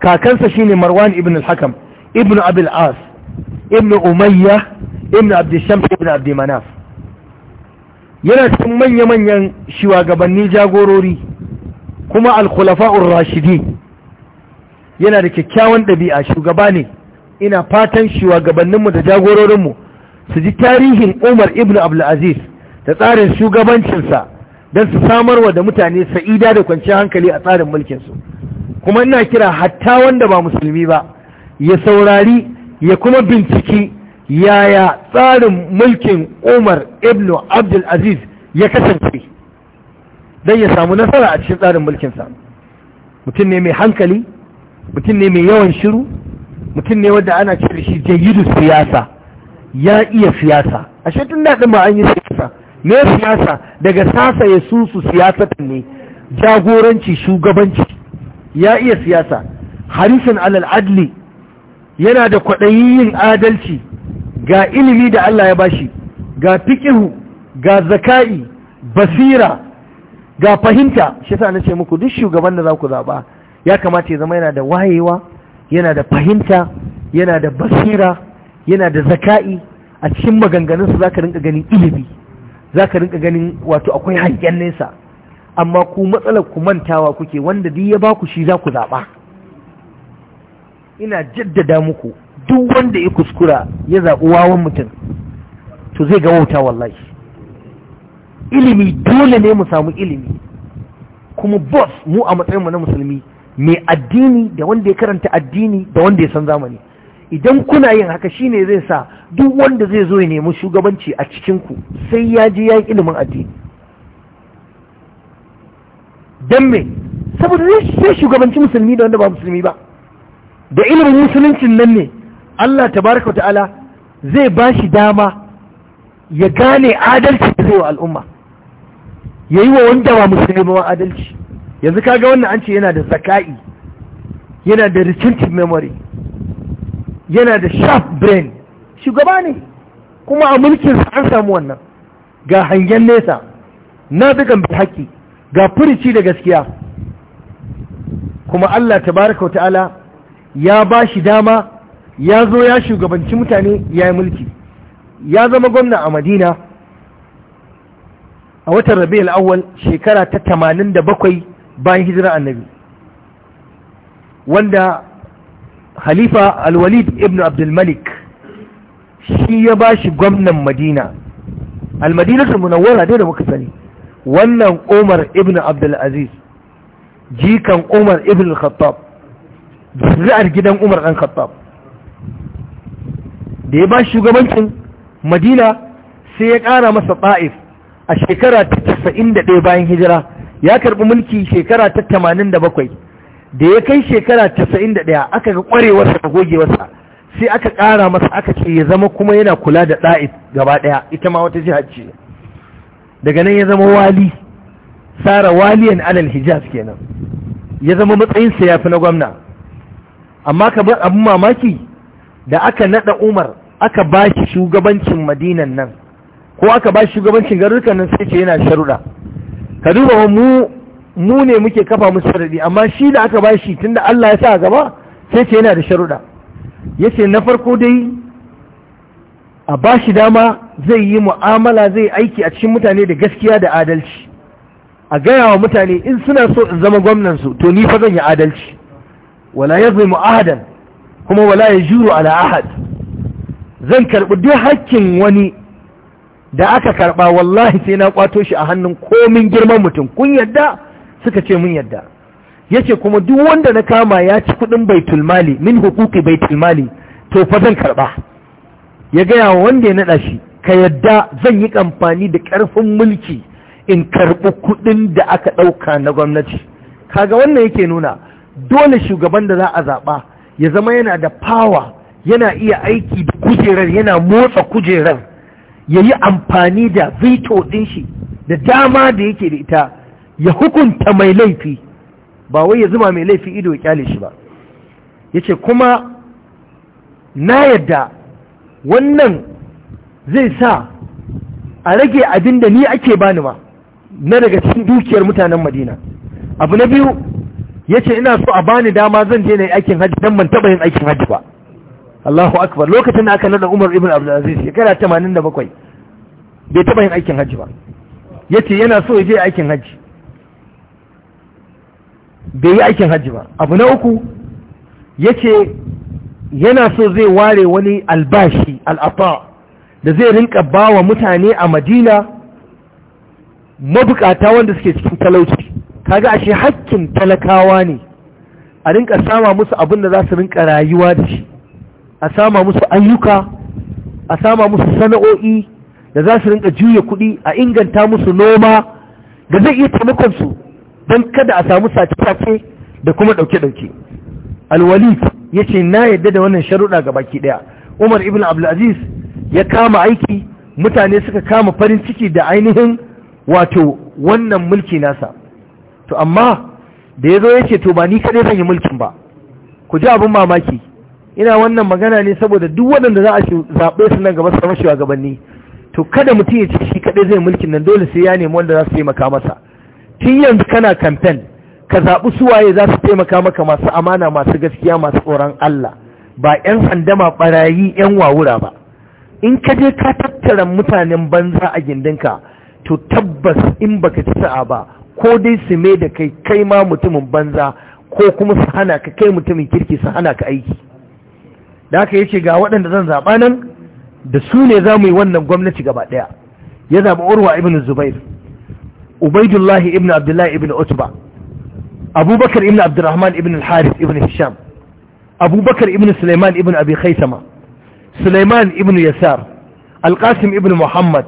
kakansa shine marwan ibn al-hakam ibn abil as ibn umayya ibn abdishams ibn abdimanaf yana cikin manya-manyan shugabanni jagorori kuma al-khulafa'ur rashidi yana da kyakkyawan ɗabi'a shugaba ne ina fatan shugabanninmu da jagororinmu su ji tarihin umar ibn abdulaziz da tsarin shugabancinsa don su samarwa da mutane sa'ida da kwanciyar hankali a tsarin mulkinsu kuma ina kira hatta wanda ba musulmi ba ya saurari ya kuma binciki yaya tsarin mulkin umar ibn abdulaziz ya kasance don ya samu nasara a cikin tsarin mulkinsa mutum ne mai hankali mutum ne mai yawan shiru mutum ne wadda ana cire shi jayidu siyasa ya iya siyasa a tun daɗin ba an yi siyasa ne siyasa daga sasa ya susu siyasa ne jagoranci shugabanci ya iya siyasa harisun alal adli yana da kwaɗayi yin adalci ga ilimi da Allah ya bashi ga fikihu ga zaka'i basira ga fahimta shi yasa na ce muku duk shugaban da za ku zaɓa ya kamata ya zama yana da wayewa yana da fahimta yana da basira yana da zaka'i a cikin maganganunsa za ka rinka ganin ilimi za ka rinka ganin wato akwai hangen nesa amma ku matsalar ku mantawa kuke wanda duk ya ba ku shi za ku zaɓa ina jaddada muku duk wanda ya kuskura ya zaɓi wawan mutum to zai ga wauta wallahi ilimi dole ne mu samu ilimi kuma boss mu a matsayin mu na musulmi mai addini da wanda ya karanta addini da wanda ya san zamani idan kuna yin haka shine zai sa duk wanda zai zo ya nemi shugabanci a cikinku sai ya je ya yi ilimin addini don me saboda zai shugabanci musulmi da wanda ba musulmi ba da ilimin musuluncin nan ne Allah tabaraka ta'ala zai ba shi dama ya gane adalci da zai wa al'umma ya yi wa wanda ba musulmi ba adalci yanzu kaga wannan an ce yana da zaka'i yana da retentive memory yana da sharp brain shugaba ne kuma a mulkinsa an samu wannan ga hangen nesa na dukan bi haƙƙi ga furici da gaskiya kuma Allah baraka wa ta'ala ya ba shi dama ya zo ya shugabanci mutane ya yi mulki ya zama gwamna a madina a watan rabi'ul awwal shekara ta tamanin da bakwai bayan hijira annabi wanda halifa alwalid ibn abdulmalik shi ya ba shi gwamnan madina sun munawwara dai da muka sani wannan umar ibn abdulaziz jikan umar ibn khattab zuri'ar gidan umar dan khattab da ya ba shugabancin madina sai ya ƙara masa ta'if a shekara ta 91 bayan hijira ya karɓi mulki shekara ta 87 da ya kai shekara 91 aka ga ƙwarewarsa da gogewarsa sai aka ƙara masa aka ce ya zama kuma yana kula da ɗa'if gaba ɗaya ita ma wata jihar ce daga nan ya zama wali tsara waliyan alal hijaz kenan ya zama matsayinsa ya fi na gwamna amma ka bar abin mamaki da aka naɗa umar aka ba shi shugabancin madinan nan ko aka ba shi shugabancin garurkan nan sai ce yana sharuɗa ka duba mu mu ne muke kafa musu sharadi amma shi da aka ba shi tunda Allah ya sa gaba sai ce yana da sharuɗa yace na farko dai a ba shi dama zai yi mu'amala zai aiki a cikin mutane da gaskiya da adalci a gaya wa mutane in suna so in zama gwamnansu to ni fa zan yi adalci wala ya zai mu'ahadan kuma wala ya juru ala ahad zan karɓi duk hakkin wani da aka karɓa wallahi sai na kwato shi a hannun komin girman mutum kun yadda suka ce mun yadda yace kuma duk wanda na kama ya ci kuɗin baitul mali min hukuki baitul mali to fa zan karɓa ya gaya wa wanda ya naɗa shi ka yadda zan yi amfani da ƙarfin mulki in karɓi kuɗin da aka ɗauka na gwamnati kaga wannan yake nuna dole shugaban da za a zaɓa ya zama yana da fawa yana iya aiki da kujerar yana motsa kujerar ya yi amfani da veto ɗin shi da dama da yake da ita ya hukunta mai laifi ba wai ya zuma mai laifi ido ya kyale shi ba ya ce kuma na yadda wannan zai sa a rage abin da ni ake bani ma na daga cikin dukiyar mutanen madina abu na biyu ya ce ina so a bani dama zan je na yi aikin hajji don ban taɓa yin aikin hajji ba Allahu akbar lokacin da aka nada Umar ibn Abdulaziz shekara tamanin da bakwai bai taɓa yin aikin hajji ba ya ce yana so ya je aikin hajji bai yi aikin hajji ba abu na uku ya ce yana so zai ware wani albashi al'afa da zai rinka ba wa mutane a madina mabukata wanda suke cikin talauci kaga ashe hakkin talakawa ne a rinka sama musu abin da za su rinka rayuwa da shi a sama musu ayyuka a sama musu sana'o'i da za su rinka juya kuɗi a inganta musu noma da zai iya taimakon su don kada a samu sace-sace da kuma ɗauke-ɗauke alwalid ya ce na yadda da wannan sharuɗa ga baki ɗaya umar ibn abdulaziz ya kama aiki mutane suka kama farin ciki da ainihin wato wannan mulki nasa to amma da ya zo ya ce to ba ni kaɗai zan yi mulkin ba ku ji abin mamaki ina wannan magana ne saboda duk waɗanda za a zaɓe su nan gaba su zama shugabanni to kada mutum ya ce shi kaɗai zai mulkin nan dole sai ya nemi wanda za su taimaka masa tun yanzu kana kamfen ka zaɓi su waye za su taimaka maka masu amana masu gaskiya masu tsoron Allah ba 'yan sandama ɓarayi 'yan wawura ba in ka je ka tattara mutanen banza a gindinka to tabbas in baka ci sa'a ba ko dai su mai da kai kai ma mutumin banza ko kuma su hana ka kai mutumin kirki su hana ka aiki da aka yake ga waɗanda zan zaɓa nan da su ne za mu yi wannan gwamnati gaba ɗaya ya zaɓi urwa ibn zubair ubaidullahi ibn abdullahi ibn utba abubakar ibn abdurrahman ibn al-harith ibn hisham abubakar ibn Sulaiman ibn abi khaisama Sulaiman ibn Yasar Alƙasim ibn Muhammad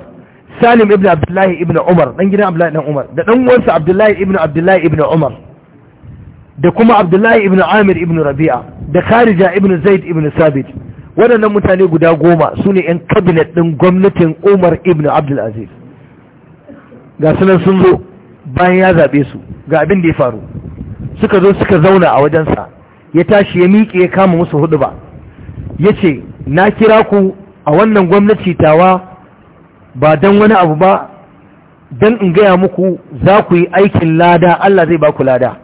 Salim ibn Abdullahi ibn Umar dan gidan Abdullahi dan Umar da dan uwansa Abdullahi ibn Abdullahi ibn Umar da kuma Abdullahi ibn Amir ibn Rabi'a da Khadija ibn Zaid ibn Sabit waɗannan mutane guda goma sune ne 'yan kabinet ɗin gwamnatin Umar ibn Abdulaziz ga sunan sun zo bayan ya zaɓe su ga abin da ya faru suka zo suka zauna a wajensa ya tashi ya miƙe ya kama musu hudu ba ya ce na kira ku a wannan gwamnati tawa ba don wani abu ba don in gaya muku za ku yi aikin lada Allah zai ba ku lada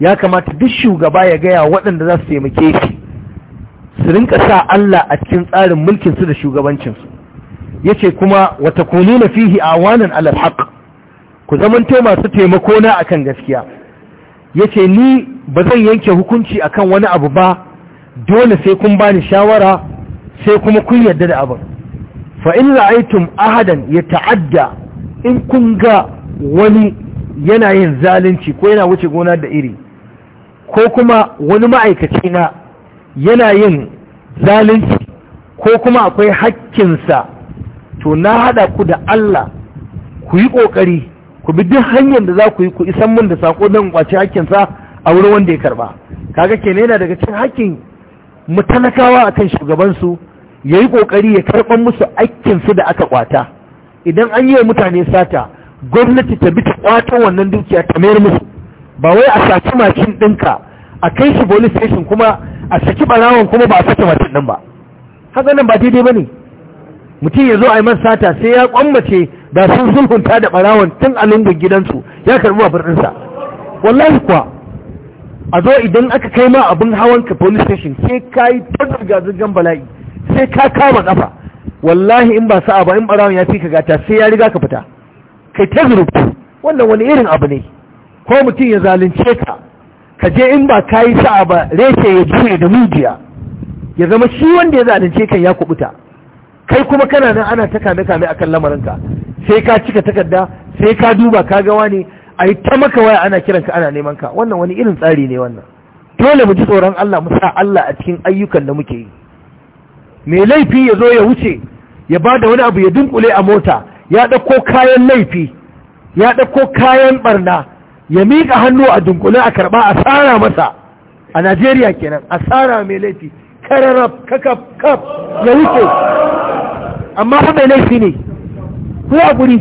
ya kamata duk shugaba ya gaya waɗanda za su taimake shi su rinka sa Allah a cikin tsarin mulkinsu da shugabancinsu ya ce kuma wata kunu na fihi a wanan alalhaƙ ku zamanto masu taimako na akan gaskiya ya ce ni ba zan yanke hukunci akan wani abu ba dole sai kun bani shawara sai kuma kun yarda da abin fa in ra'aytum ahadan yata'adda in kun ga wani yana yin zalunci ko yana wuce gona da iri ko kuma wani ma'aikaci na yana yin zalunci ko kuma akwai hakkinsa to na hada ku da Allah ku yi kokari ku bi duk hanyar da za ku yi ku isan mun da sako don kwace hakkinsa a wurin wanda ya karba kaga kenan yana daga cikin hakkin mu a kan shugabansu ya yi ƙoƙari ya karɓar musu aikinsu da aka kwata idan an yi wa mutane sata gwamnati ta bi ta kwato wannan dukiya ta mayar musu ba wai a saki mashin ɗinka a kai shi police station kuma a saki ɓarawon kuma ba a saki mashin ɗin ba haka nan ba daidai ba ne mutum ya zo a yi man sata sai ya kwammace da sun sulhunta da ɓarawon tun a lungun gidansu ya karɓi babur sa wallahi kuwa a zo idan aka kai ma abin hawan ka police station sai ka yi ta zirga-zirgan bala'i sai ka kama kafa wallahi in ba sa'a ba in barawon ya fi ka gata sai ya riga ka fita kai ta zurutu wannan wani irin abu ne ko mutum ya zalunce ka ka je in ba ka yi sa'a ba reshe ya juye da mujiya ya zama shi wanda ya zalunce kan ya kubuta kai kuma kana nan ana ta kame kame a akan lamarinka sai ka cika takarda sai ka duba ka ga wani a yi ta maka waya ana kiranka ana neman ka wannan wani irin tsari ne wannan dole mu ji tsoron Allah mu sa Allah a cikin ayyukan da muke yi mai laifi ya zo ya wuce ya ba da wani abu ya dunkule a mota ya ɗauko kayan laifi ya ɗauko kayan barna ya miƙa hannu a dunkule a karɓa a tsara masa a Najeriya kenan a tsara mai laifi kararraf kakaf kaf ya wuce amma fa mai laifi ne ku haƙuri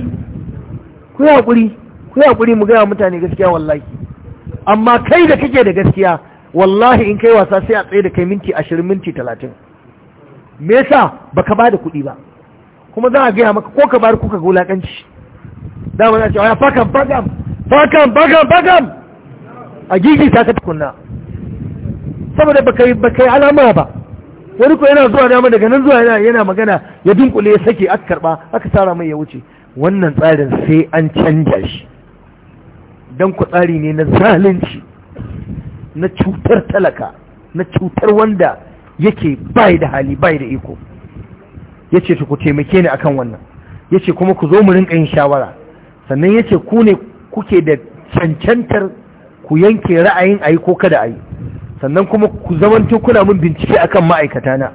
ku haƙuri ku yi mu gaya mutane gaskiya wallahi amma kai da kake da gaskiya wallahi in kai wasa sai a tsaye da kai minti ashirin minti talatin me yasa baka ba da kuɗi ba kuma za a gaya maka ko ka bar kuka ga wulaƙanci ba za a ce ya fakan bagam fakan bagam bagam a gigi ta ka tukunna saboda baka yi baka yi alama ba wani ko yana zuwa dama daga nan zuwa yana yana magana ya dunkule ya sake aka karba aka tsara mai ya wuce wannan tsarin sai an canja shi don ku tsari ne na zalunci na cutar talaka na cutar wanda yake bai da hali bai da iko Ya ce ku taimake ni akan wannan Ya ce kuma ku zo mu rinka yin shawara sannan ya ce ku ne kuke da cancantar ku yanke ra'ayin ayi ko kada ayi sannan kuma ku zamanto kuna mun bincike akan ma'aikata na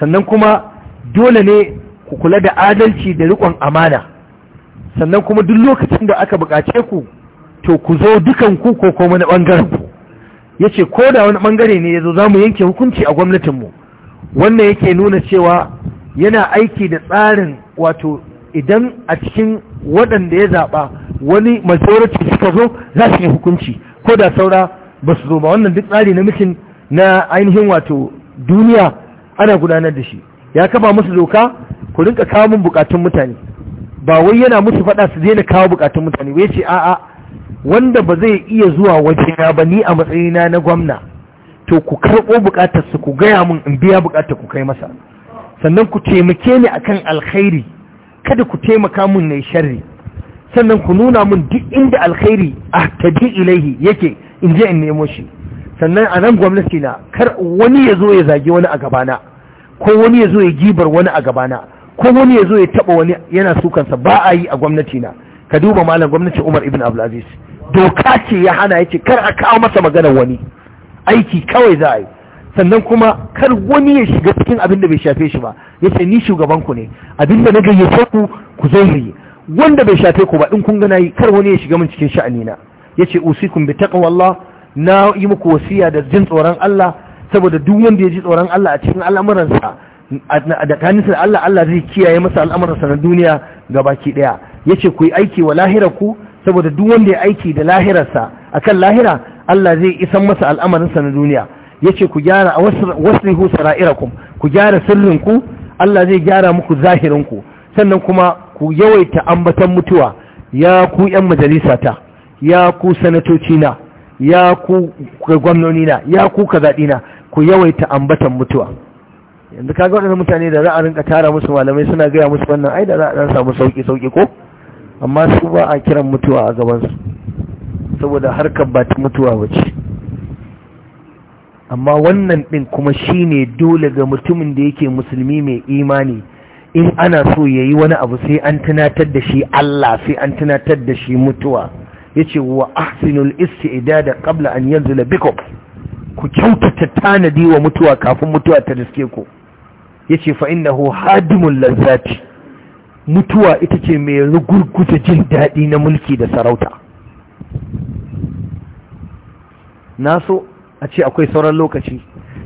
sannan kuma dole ne ku kula da adalci da riƙon amana sannan kuma duk lokacin da aka buƙace ku to ku zo dukanku ko kuma wani ɓangaren ku ya ko da wani bangare ne ya zo za yanke hukunci a gwamnatin mu wannan yake nuna cewa yana aiki da tsarin wato idan a cikin waɗanda ya zaba wani majority suka zo za su yi hukunci ko da saura ba su zo ba wannan duk tsari na mutum na ainihin wato duniya ana gudanar da shi ya kafa musu doka ku rinka kawo mun bukatun mutane ba wai yana musu faɗa su daina kawo bukatun mutane wai ce a'a wanda ba zai iya zuwa wajena ba ni a matsayina na gwamna to ku karɓo buƙatar su ku gaya mun in biya buƙatar ku kai masa sannan ku taimake ni akan alkhairi kada ku taimaka mun ne sharri sannan ku nuna mun duk inda alkhairi a ah, tabi ilaihi yake in je in nemo shi sannan a nan gwamnati na kar wani ya zo ya zage wani a gabana ko wani ya zo ya gibar wani a gabana ko wani ya zo ya taɓa wani yana sukansa ba a yi a gwamnati na ka duba malam gwamnatin Umar ibn Abdulaziz doka ce ya hana ya ce kar a kawo masa maganar wani aiki kawai za a yi sannan kuma kar wani ya shiga cikin abin da bai shafe shi ba ya ce ni shugaban ku ne abin da na gayyace ku ku zo yi wanda bai shafe ku ba in kun gana yi kar wani ya shiga min cikin sha'ani na Ya yace usikum bi taqwallah na yi muku wasiya da jin tsoron Allah saboda duk wanda ya ji tsoron Allah a cikin al'amuransa da kanin Allah Allah zai kiyaye masa al'amuransa na duniya gabaki daya Ya ce ku yi aiki wa lahirarku saboda duk wanda ya aiki da lahirarsa a kan lahira Allah zai isan masa al'amarinsa na duniya Ya ce ku gyara a wasrihu sara'irakun ku gyara sirrinku Allah zai gyara muku zahirinku sannan kuma ku yawaita ambatan mutuwa ya ku yan majalisata ya ku sanatocina ya ku gwamnonina ya ku kazaɗina ku yawaita ambatan mutuwa yanzu kaga waɗanda mutane da za a rinka tara musu malamai suna gaya musu wannan ai da za a samu sauki sauki ko amma su ba a kiran mutuwa a gabansu saboda harkar ba ta mutuwa ba ce amma wannan ɗin kuma shi ne dole ga mutumin da yake musulmi mai imani in ana so ya yi wani abu sai an tunatar da shi Allah sai an tunatar da shi mutuwa ya ce wa ahsinul ida da qabla an yanzu bikop ku kyautata tanadi wa mutuwa kafin mutuwa ta riske ku ya ce fa innahu hadimun lazzati mutuwa ita ce mai rugurguza jin daɗi na mulki da sarauta na so a ce akwai sauran lokaci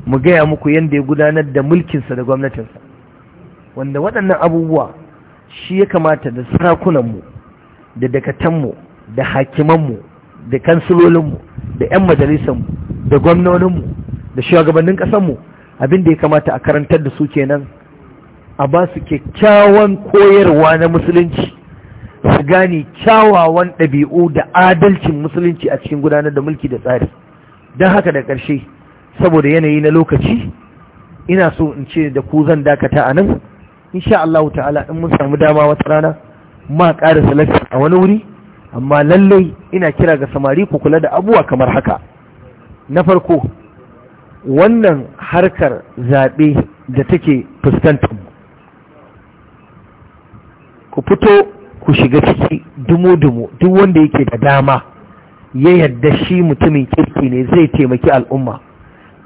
mu gaya muku yadda ya gudanar da mulkinsa da gwamnatinsa wanda waɗannan abubuwa shi ya kamata da sarakunanmu da dakatanmu da hakimanmu da kansulolinmu da 'yan majalisanmu da gwamnoninmu da shugabannin ƙasanmu abin da ya kamata a karantar da su kenan a ba su kyakkyawan koyarwa na musulunci su gane kyawawan ɗabi'u da adalcin musulunci a cikin gudanar da mulki da tsari don haka da ƙarshe saboda yanayi na lokaci ina so in ce da ku zan dakata a nan insha Allah ta'ala in mun samu dama wata rana ma ƙara salafi a wani wuri amma lallai ina kira ga samari ku kula da abubuwa kamar haka na farko wannan harkar zaɓe da take fuskantar ku fito ku shiga ciki dumu-dumu duk wanda yake da dama ya yadda shi mutumin kirki ne zai taimaki al'umma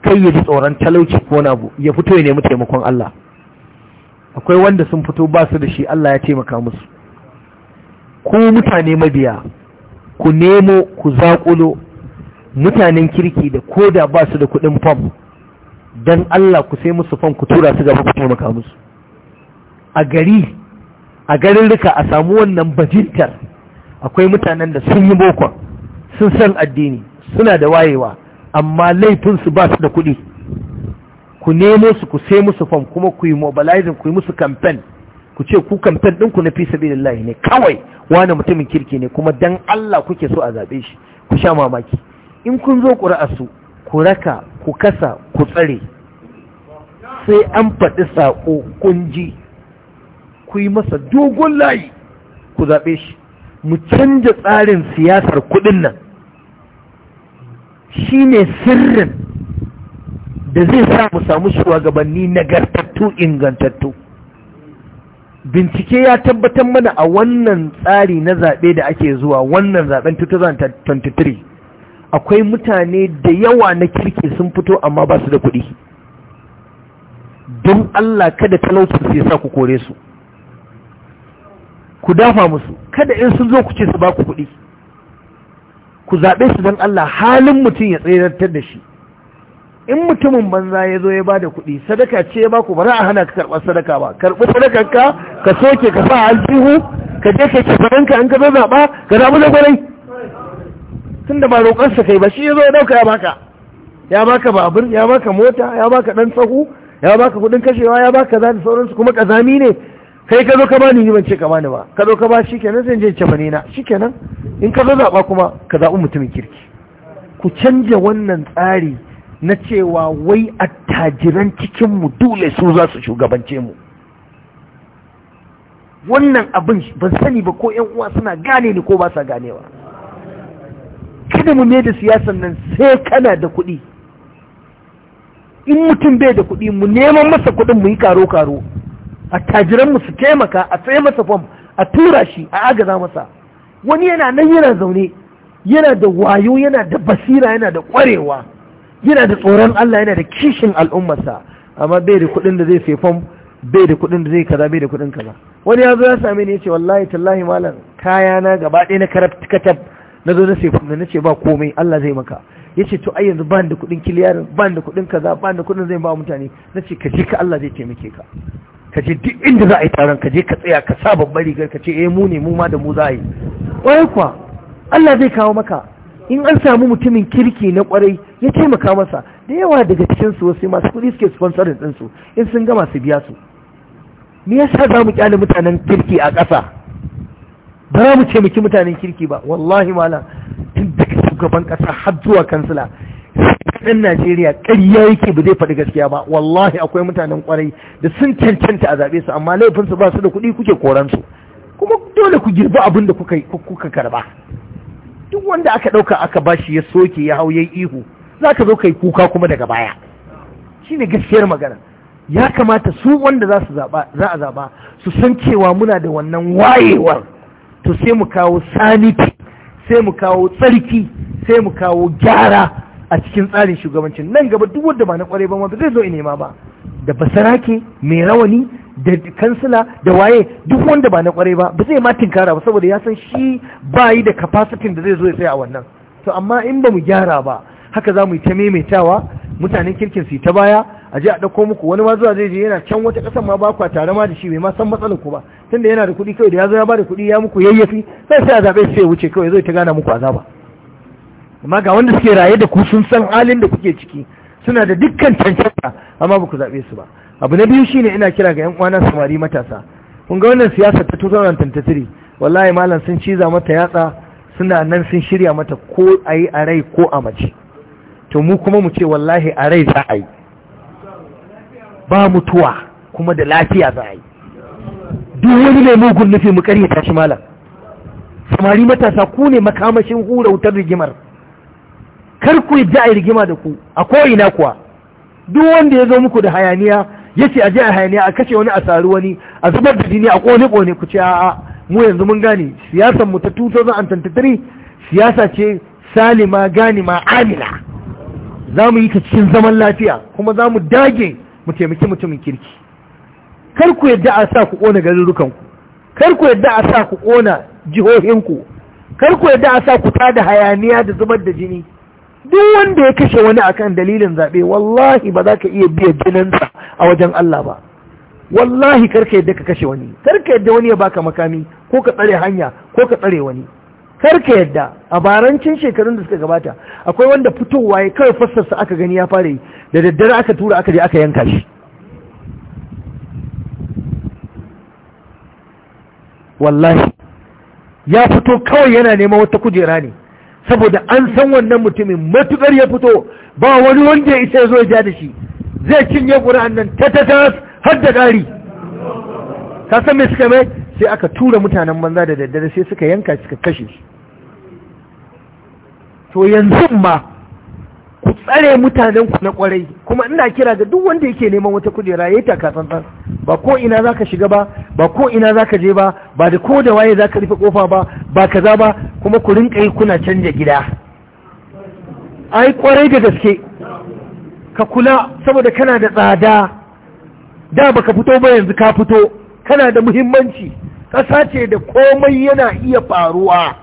kai ya ji tsoron talauci ko wani abu ya fito ya nemi taimakon Allah akwai wanda sun fito ba su da shi Allah ya taimaka musu ku mutane mabiya ku nemo ku zaƙulo mutanen kirki da ko da ba su da kuɗin fam don Allah ku sai musu fam ku tura su gaba ku taimaka musu a gari a garin rika a samu wannan bajintar akwai mutanen da sun yi bokon sun san addini suna da wayewa amma laifinsu ba su da kuɗi ku nemo su ku sai musu fam kuma ku yi mobilizing ku yi musu kamfen, ku ce ku kamfen ɗinku na fi lillahi ne kawai wani mutumin kirki ne kuma dan Allah kuke so a zaɓe shi ku sha mamaki in kun zo ƙura'arsu ku raka ku kasa ku tsare sai an faɗi saƙo kunji ku yi masa dogon layi ku zaɓe shi mu canja tsarin siyasar kuɗin nan shi ne sirrin da zai sa mu samu shugabanni nagartattu ingantattu bincike ya tabbatar mana a wannan tsari na zaɓe da ake zuwa wannan zaɓen 2023 akwai mutane da yawa na kirki sun fito amma ba su da kuɗi don Allah kada talautar sai sa ku kore su ku dafa musu kada in sun zo ku ce su ba ku kuɗi ku zaɓe su don Allah halin mutum ya tsayar da shi in mutumin banza ya zo ya ba da kuɗi sadaka ce ya ba ba bari a hana ka karɓar sadaka ba karɓi sadakar ka soke ka sa aljihu ka je ka faranka in ka zo zaɓa ka zaɓi da gwarai tun da ba sa kai ba shi ya zo ya ɗauka ya baka ya baka babur ya baka mota ya baka ɗan tsahu, ya baka kuɗin kashewa ya baka za da sauransu kuma ƙazami ne kai ka zo ka bani ni ban ce ka bani ba ka zo ka ba shikenan zan je cefane na shikenan in ka zo zaɓa kuma ka zaɓi mutumin kirki ku canja wannan tsari na cewa wai attajiran cikinmu dole su za su shugabance mu wannan abin ban sani ba ko 'yan uwa suna gane ni ko ba sa ganewa kada mu ne da siyasan nan sai kana da kuɗi in mutum bai da kuɗi mu neman masa kuɗin mu yi karo-karo A mu su taimaka a tsaye masa fom a tura shi a agaza masa wani yana nan yana zaune yana da wayo yana da basira yana da kwarewa yana da tsoron Allah yana da kishin al'ummarsa amma bai da kuɗin da zai sai fom bai da kuɗin da zai kaza bai da kuɗin kaza wani ya zo ya same ni ya ce wallahi tallahi malam kaya na gaba ɗaya na karab katab na zo na sai fom na ce ba komai Allah zai maka ya ce to ai yanzu ban da kuɗin kiliyarin ban da kuɗin kaza ban da kuɗin zai ba mutane na ce ka je ka Allah zai taimake ka ka je duk inda za a yi taron ka je ka tsaya ka sa babbar rigar ka ce eh mu ne mu ma da mu za a yi kwarai kuwa Allah zai kawo maka in an samu mutumin kirki na kwarai ya taimaka masa da yawa daga cikin su wasu masu kuɗi suke sponsorin din su in sun gama su biya su me yasa za mu kyale mutanen kirki a ƙasa ba za mu taimaki mutanen kirki ba wallahi malam tun daga shugaban ƙasa har zuwa kansila ɗan Najeriya ƙarya yake ba zai faɗi gaskiya ba wallahi akwai mutanen ƙwarai da sun cancanta a zaɓe su amma laifinsu ba su da kuɗi kuke koran su kuma dole ku girbi abin da kuka karba duk wanda aka ɗauka aka bashi ya soke ya hau ya ihu za ka zo ka kuka kuma daga baya shine gaskiyar magana ya kamata su wanda za su zaɓa, za a zaɓa su san cewa muna da wannan wayewar to sai mu kawo sanity sai mu kawo tsarki sai mu kawo gyara a cikin tsarin shugabancin nan gaba duk wanda ba na kware ba ma zai zo nema ba da basarake mai rawani da kansila da waye duk wanda ba na kware ba ba zai ma tinkara ba saboda ya san shi ba yi da capacity da zai zo ya tsaya a wannan to amma in ba mu gyara ba haka za mu yi ta maimaitawa mutanen kirkin su ta baya a je a ɗauko muku wani ma zuwa zai je yana can wata ƙasar ma ba kwa tare ma da shi bai ma san matsalar ku ba tunda yana da kuɗi kawai da ya zo ya ba da kuɗi ya muku yayyafi sai sai a zaɓe sai ya wuce kawai zai ta gana muku azaba amma ga wanda suke raye da ku sun san halin da kuke ciki suna da dukkan cancanta amma ba ku zaɓe su ba abu na biyu shine ina kira ga 'yan uwana samari matasa kun ga wannan siyasa ta 2023 wallahi malam sun ciza mata yatsa suna nan sun shirya mata ko a yi a rai ko a mace to mu kuma mu ce wallahi a rai za a yi ba mutuwa kuma da lafiya za a yi duk wani mai mugun nufi mu karyata shi malam samari matasa ku ne makamashin hura wutar rigimar kar ku yadda a rigima da ku a ko'ina kuwa duk wanda ya zo muku da hayaniya ya ce a je a hayaniya a kashe wani a saru wani a zubar da jini a kone kone ku ce a'a mu yanzu mun gane siyasar mu ta 2023 siyasa ce salima Gani ma amila za mu yi ta cikin zaman lafiya kuma za mu dage mu taimaki mutumin kirki kar ku yadda a sa ku kona ku kar ku yadda a sa ku kona jihohinku kar ku yadda a sa ku tada hayaniya da zubar da jini duk wanda ya kashe wani akan dalilin zaɓe wallahi ba za ka iya biya jininsa a wajen Allah ba wallahi karka yadda ka kashe wani karka yadda wani ya baka makami ko ka tsare hanya ko ka tsare wani karka yadda a barancin shekarun da suka gabata akwai wanda fitowa ya kawai fassarsa aka gani ya fara yi da daddare aka tura aka je aka yanka shi wallahi ya fito kawai yana neman wata kujera ne saboda an san wannan mutumin matukar ya fito ba wani wanda ya isa ya zo ya ja da shi zai cinye ƙura'an nan ta ta har da ƙari ka san me suka mai sai aka tura mutanen banza da daddare sai suka yanka suka kashe shi to yanzu ma ku tsare mutanen ku na kwarai kuma ina kira ga duk wanda yake neman wata kujera yayi taka san ba ko ina zaka shiga ba ba ko ina zaka je ba ba da ko da waye zaka rufe kofa ba ba kaza ba kuma ku rinka yi kuna canja gida ai kwarai da gaske ka kula saboda kana da tsada da baka fito ba yanzu ka fito kana da muhimmanci ƙasa ce da komai yana iya faruwa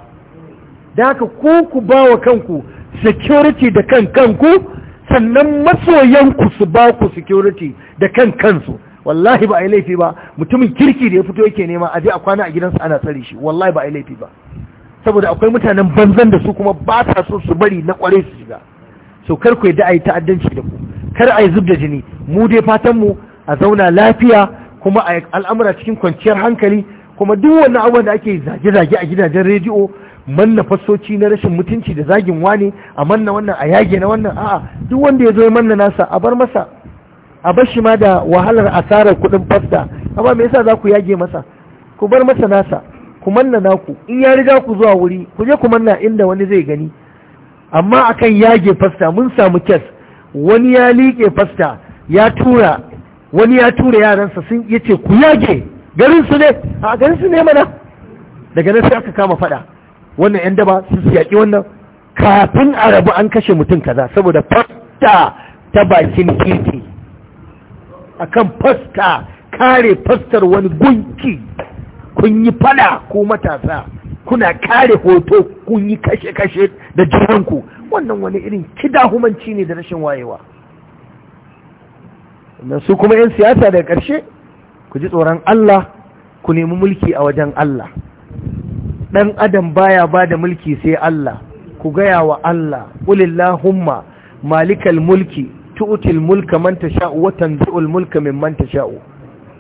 da haka ku ku ba wa kanku security da kan kanku sannan masoyanku su ba ku security da kan kansu wallahi ba a yi laifi ba mutumin kirki da ya fito yake nema a je a kwana a gidansa ana tsare shi wallahi ba a yi laifi ba saboda akwai mutanen banzan da su kuma ba sa so su bari na kware su shiga so kar ku yadda a yi ta'addanci da ku kar a yi zub da jini mu dai fatan mu a zauna lafiya kuma a al'amura cikin kwanciyar hankali kuma duk wannan abubuwan da ake zage-zage a gidajen rediyo manna fassoci na rashin mutunci da zagin wane a manna wannan a yage na wannan a'a duk wanda ya zo ya manna nasa a bar masa a bar shi ma da wahalar asarar kuɗin fasta amma me yasa za ku yage masa ku bar masa nasa ku manna naku in ya riga ku zuwa wuri ku je ku manna inda wani zai gani amma akan yage fasta mun samu kes wani ya liƙe fasta ya tura wani ya tura yaransa sun yace ku yage garin su ne a garin su ne mana daga nan sai aka kama fada wannan yan daba sun yaƙi wannan kafin a rabu an kashe mutum kaza saboda fasta ta bakin titi akan fasta kare fastar wani gunki kun yi fada ko matasa kuna kare hoto kun yi kashe-kashe da junanku wannan wani irin kidahumanci ne da rashin wayewa wannan su kuma 'yan siyasa daga ƙarshe ku ji tsoron Allah ku nemi mulki a wajen Allah ɗan adam baya ba da mulki sai Allah ku gaya wa Allah ƙulillahumma malikal mulki tu'til mulka man tasha'u wa tanzi'ul mulka mimman tasha'u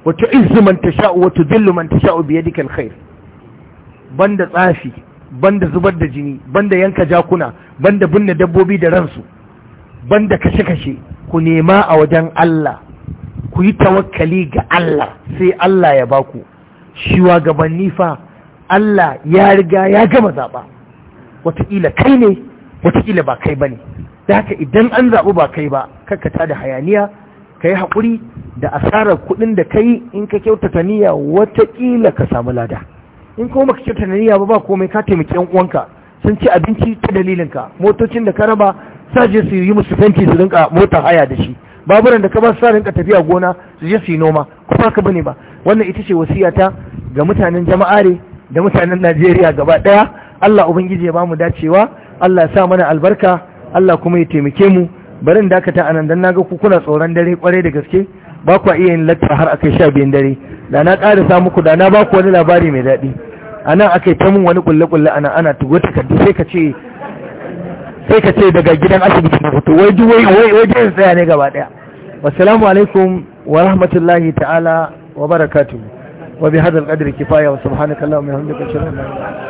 wa tu'izzu man tasha'u wa tudhillu man tasha'u bi yadika banda tsafi banda zubar da jini banda yanka jakuna banda binne dabbobi da ransu banda kashe-kashe ku nema a wajen Allah ku yi tawakkali ga Allah sai Allah ya baku shiwa gabanni fa Allah ya riga ya gama zaɓa wataƙila kai ne wataƙila ba kai ba ne da haka idan an zaɓi ba kai ba karkata da hayaniya ka yi haƙuri da asarar kuɗin da kai in ka kyautata niyya wataƙila ka samu lada in kuma ka kyauta niyya ba ba komai ka taimaki yan uwanka sun ci abinci ta dalilinka motocin da ka raba sa je su yi musu fenti su rinka mota haya da shi baburan da ka ba su sa rinka tafiya gona su je su yi noma kuma haka bane ba wannan ita ce wasiyata ga mutanen jama'a jama'are da mutanen Najeriya gaba ɗaya Allah ubangiji ya ba mu dacewa Allah ya sa mana albarka Allah kuma ya taimake mu bari in dakata a nan don na ga kuna tsoron dare kwarai da gaske ba kuwa iya yin latta har akai sha biyan dare da na sa muku da na ba ku wani labari mai daɗi a nan kai ta mun wani kulle-kulle ana ana tugo takardu sai ka ce sai ka ce daga gidan asibiti na hutu wai duk wai wai tsaya ne gaba ɗaya Wasu alaikum wa rahmatullahi ta'ala wa barakatuhu وبهذا القدر كفاية وسبحانك اللهم وبحمدك اشهد ان لا اله الا انت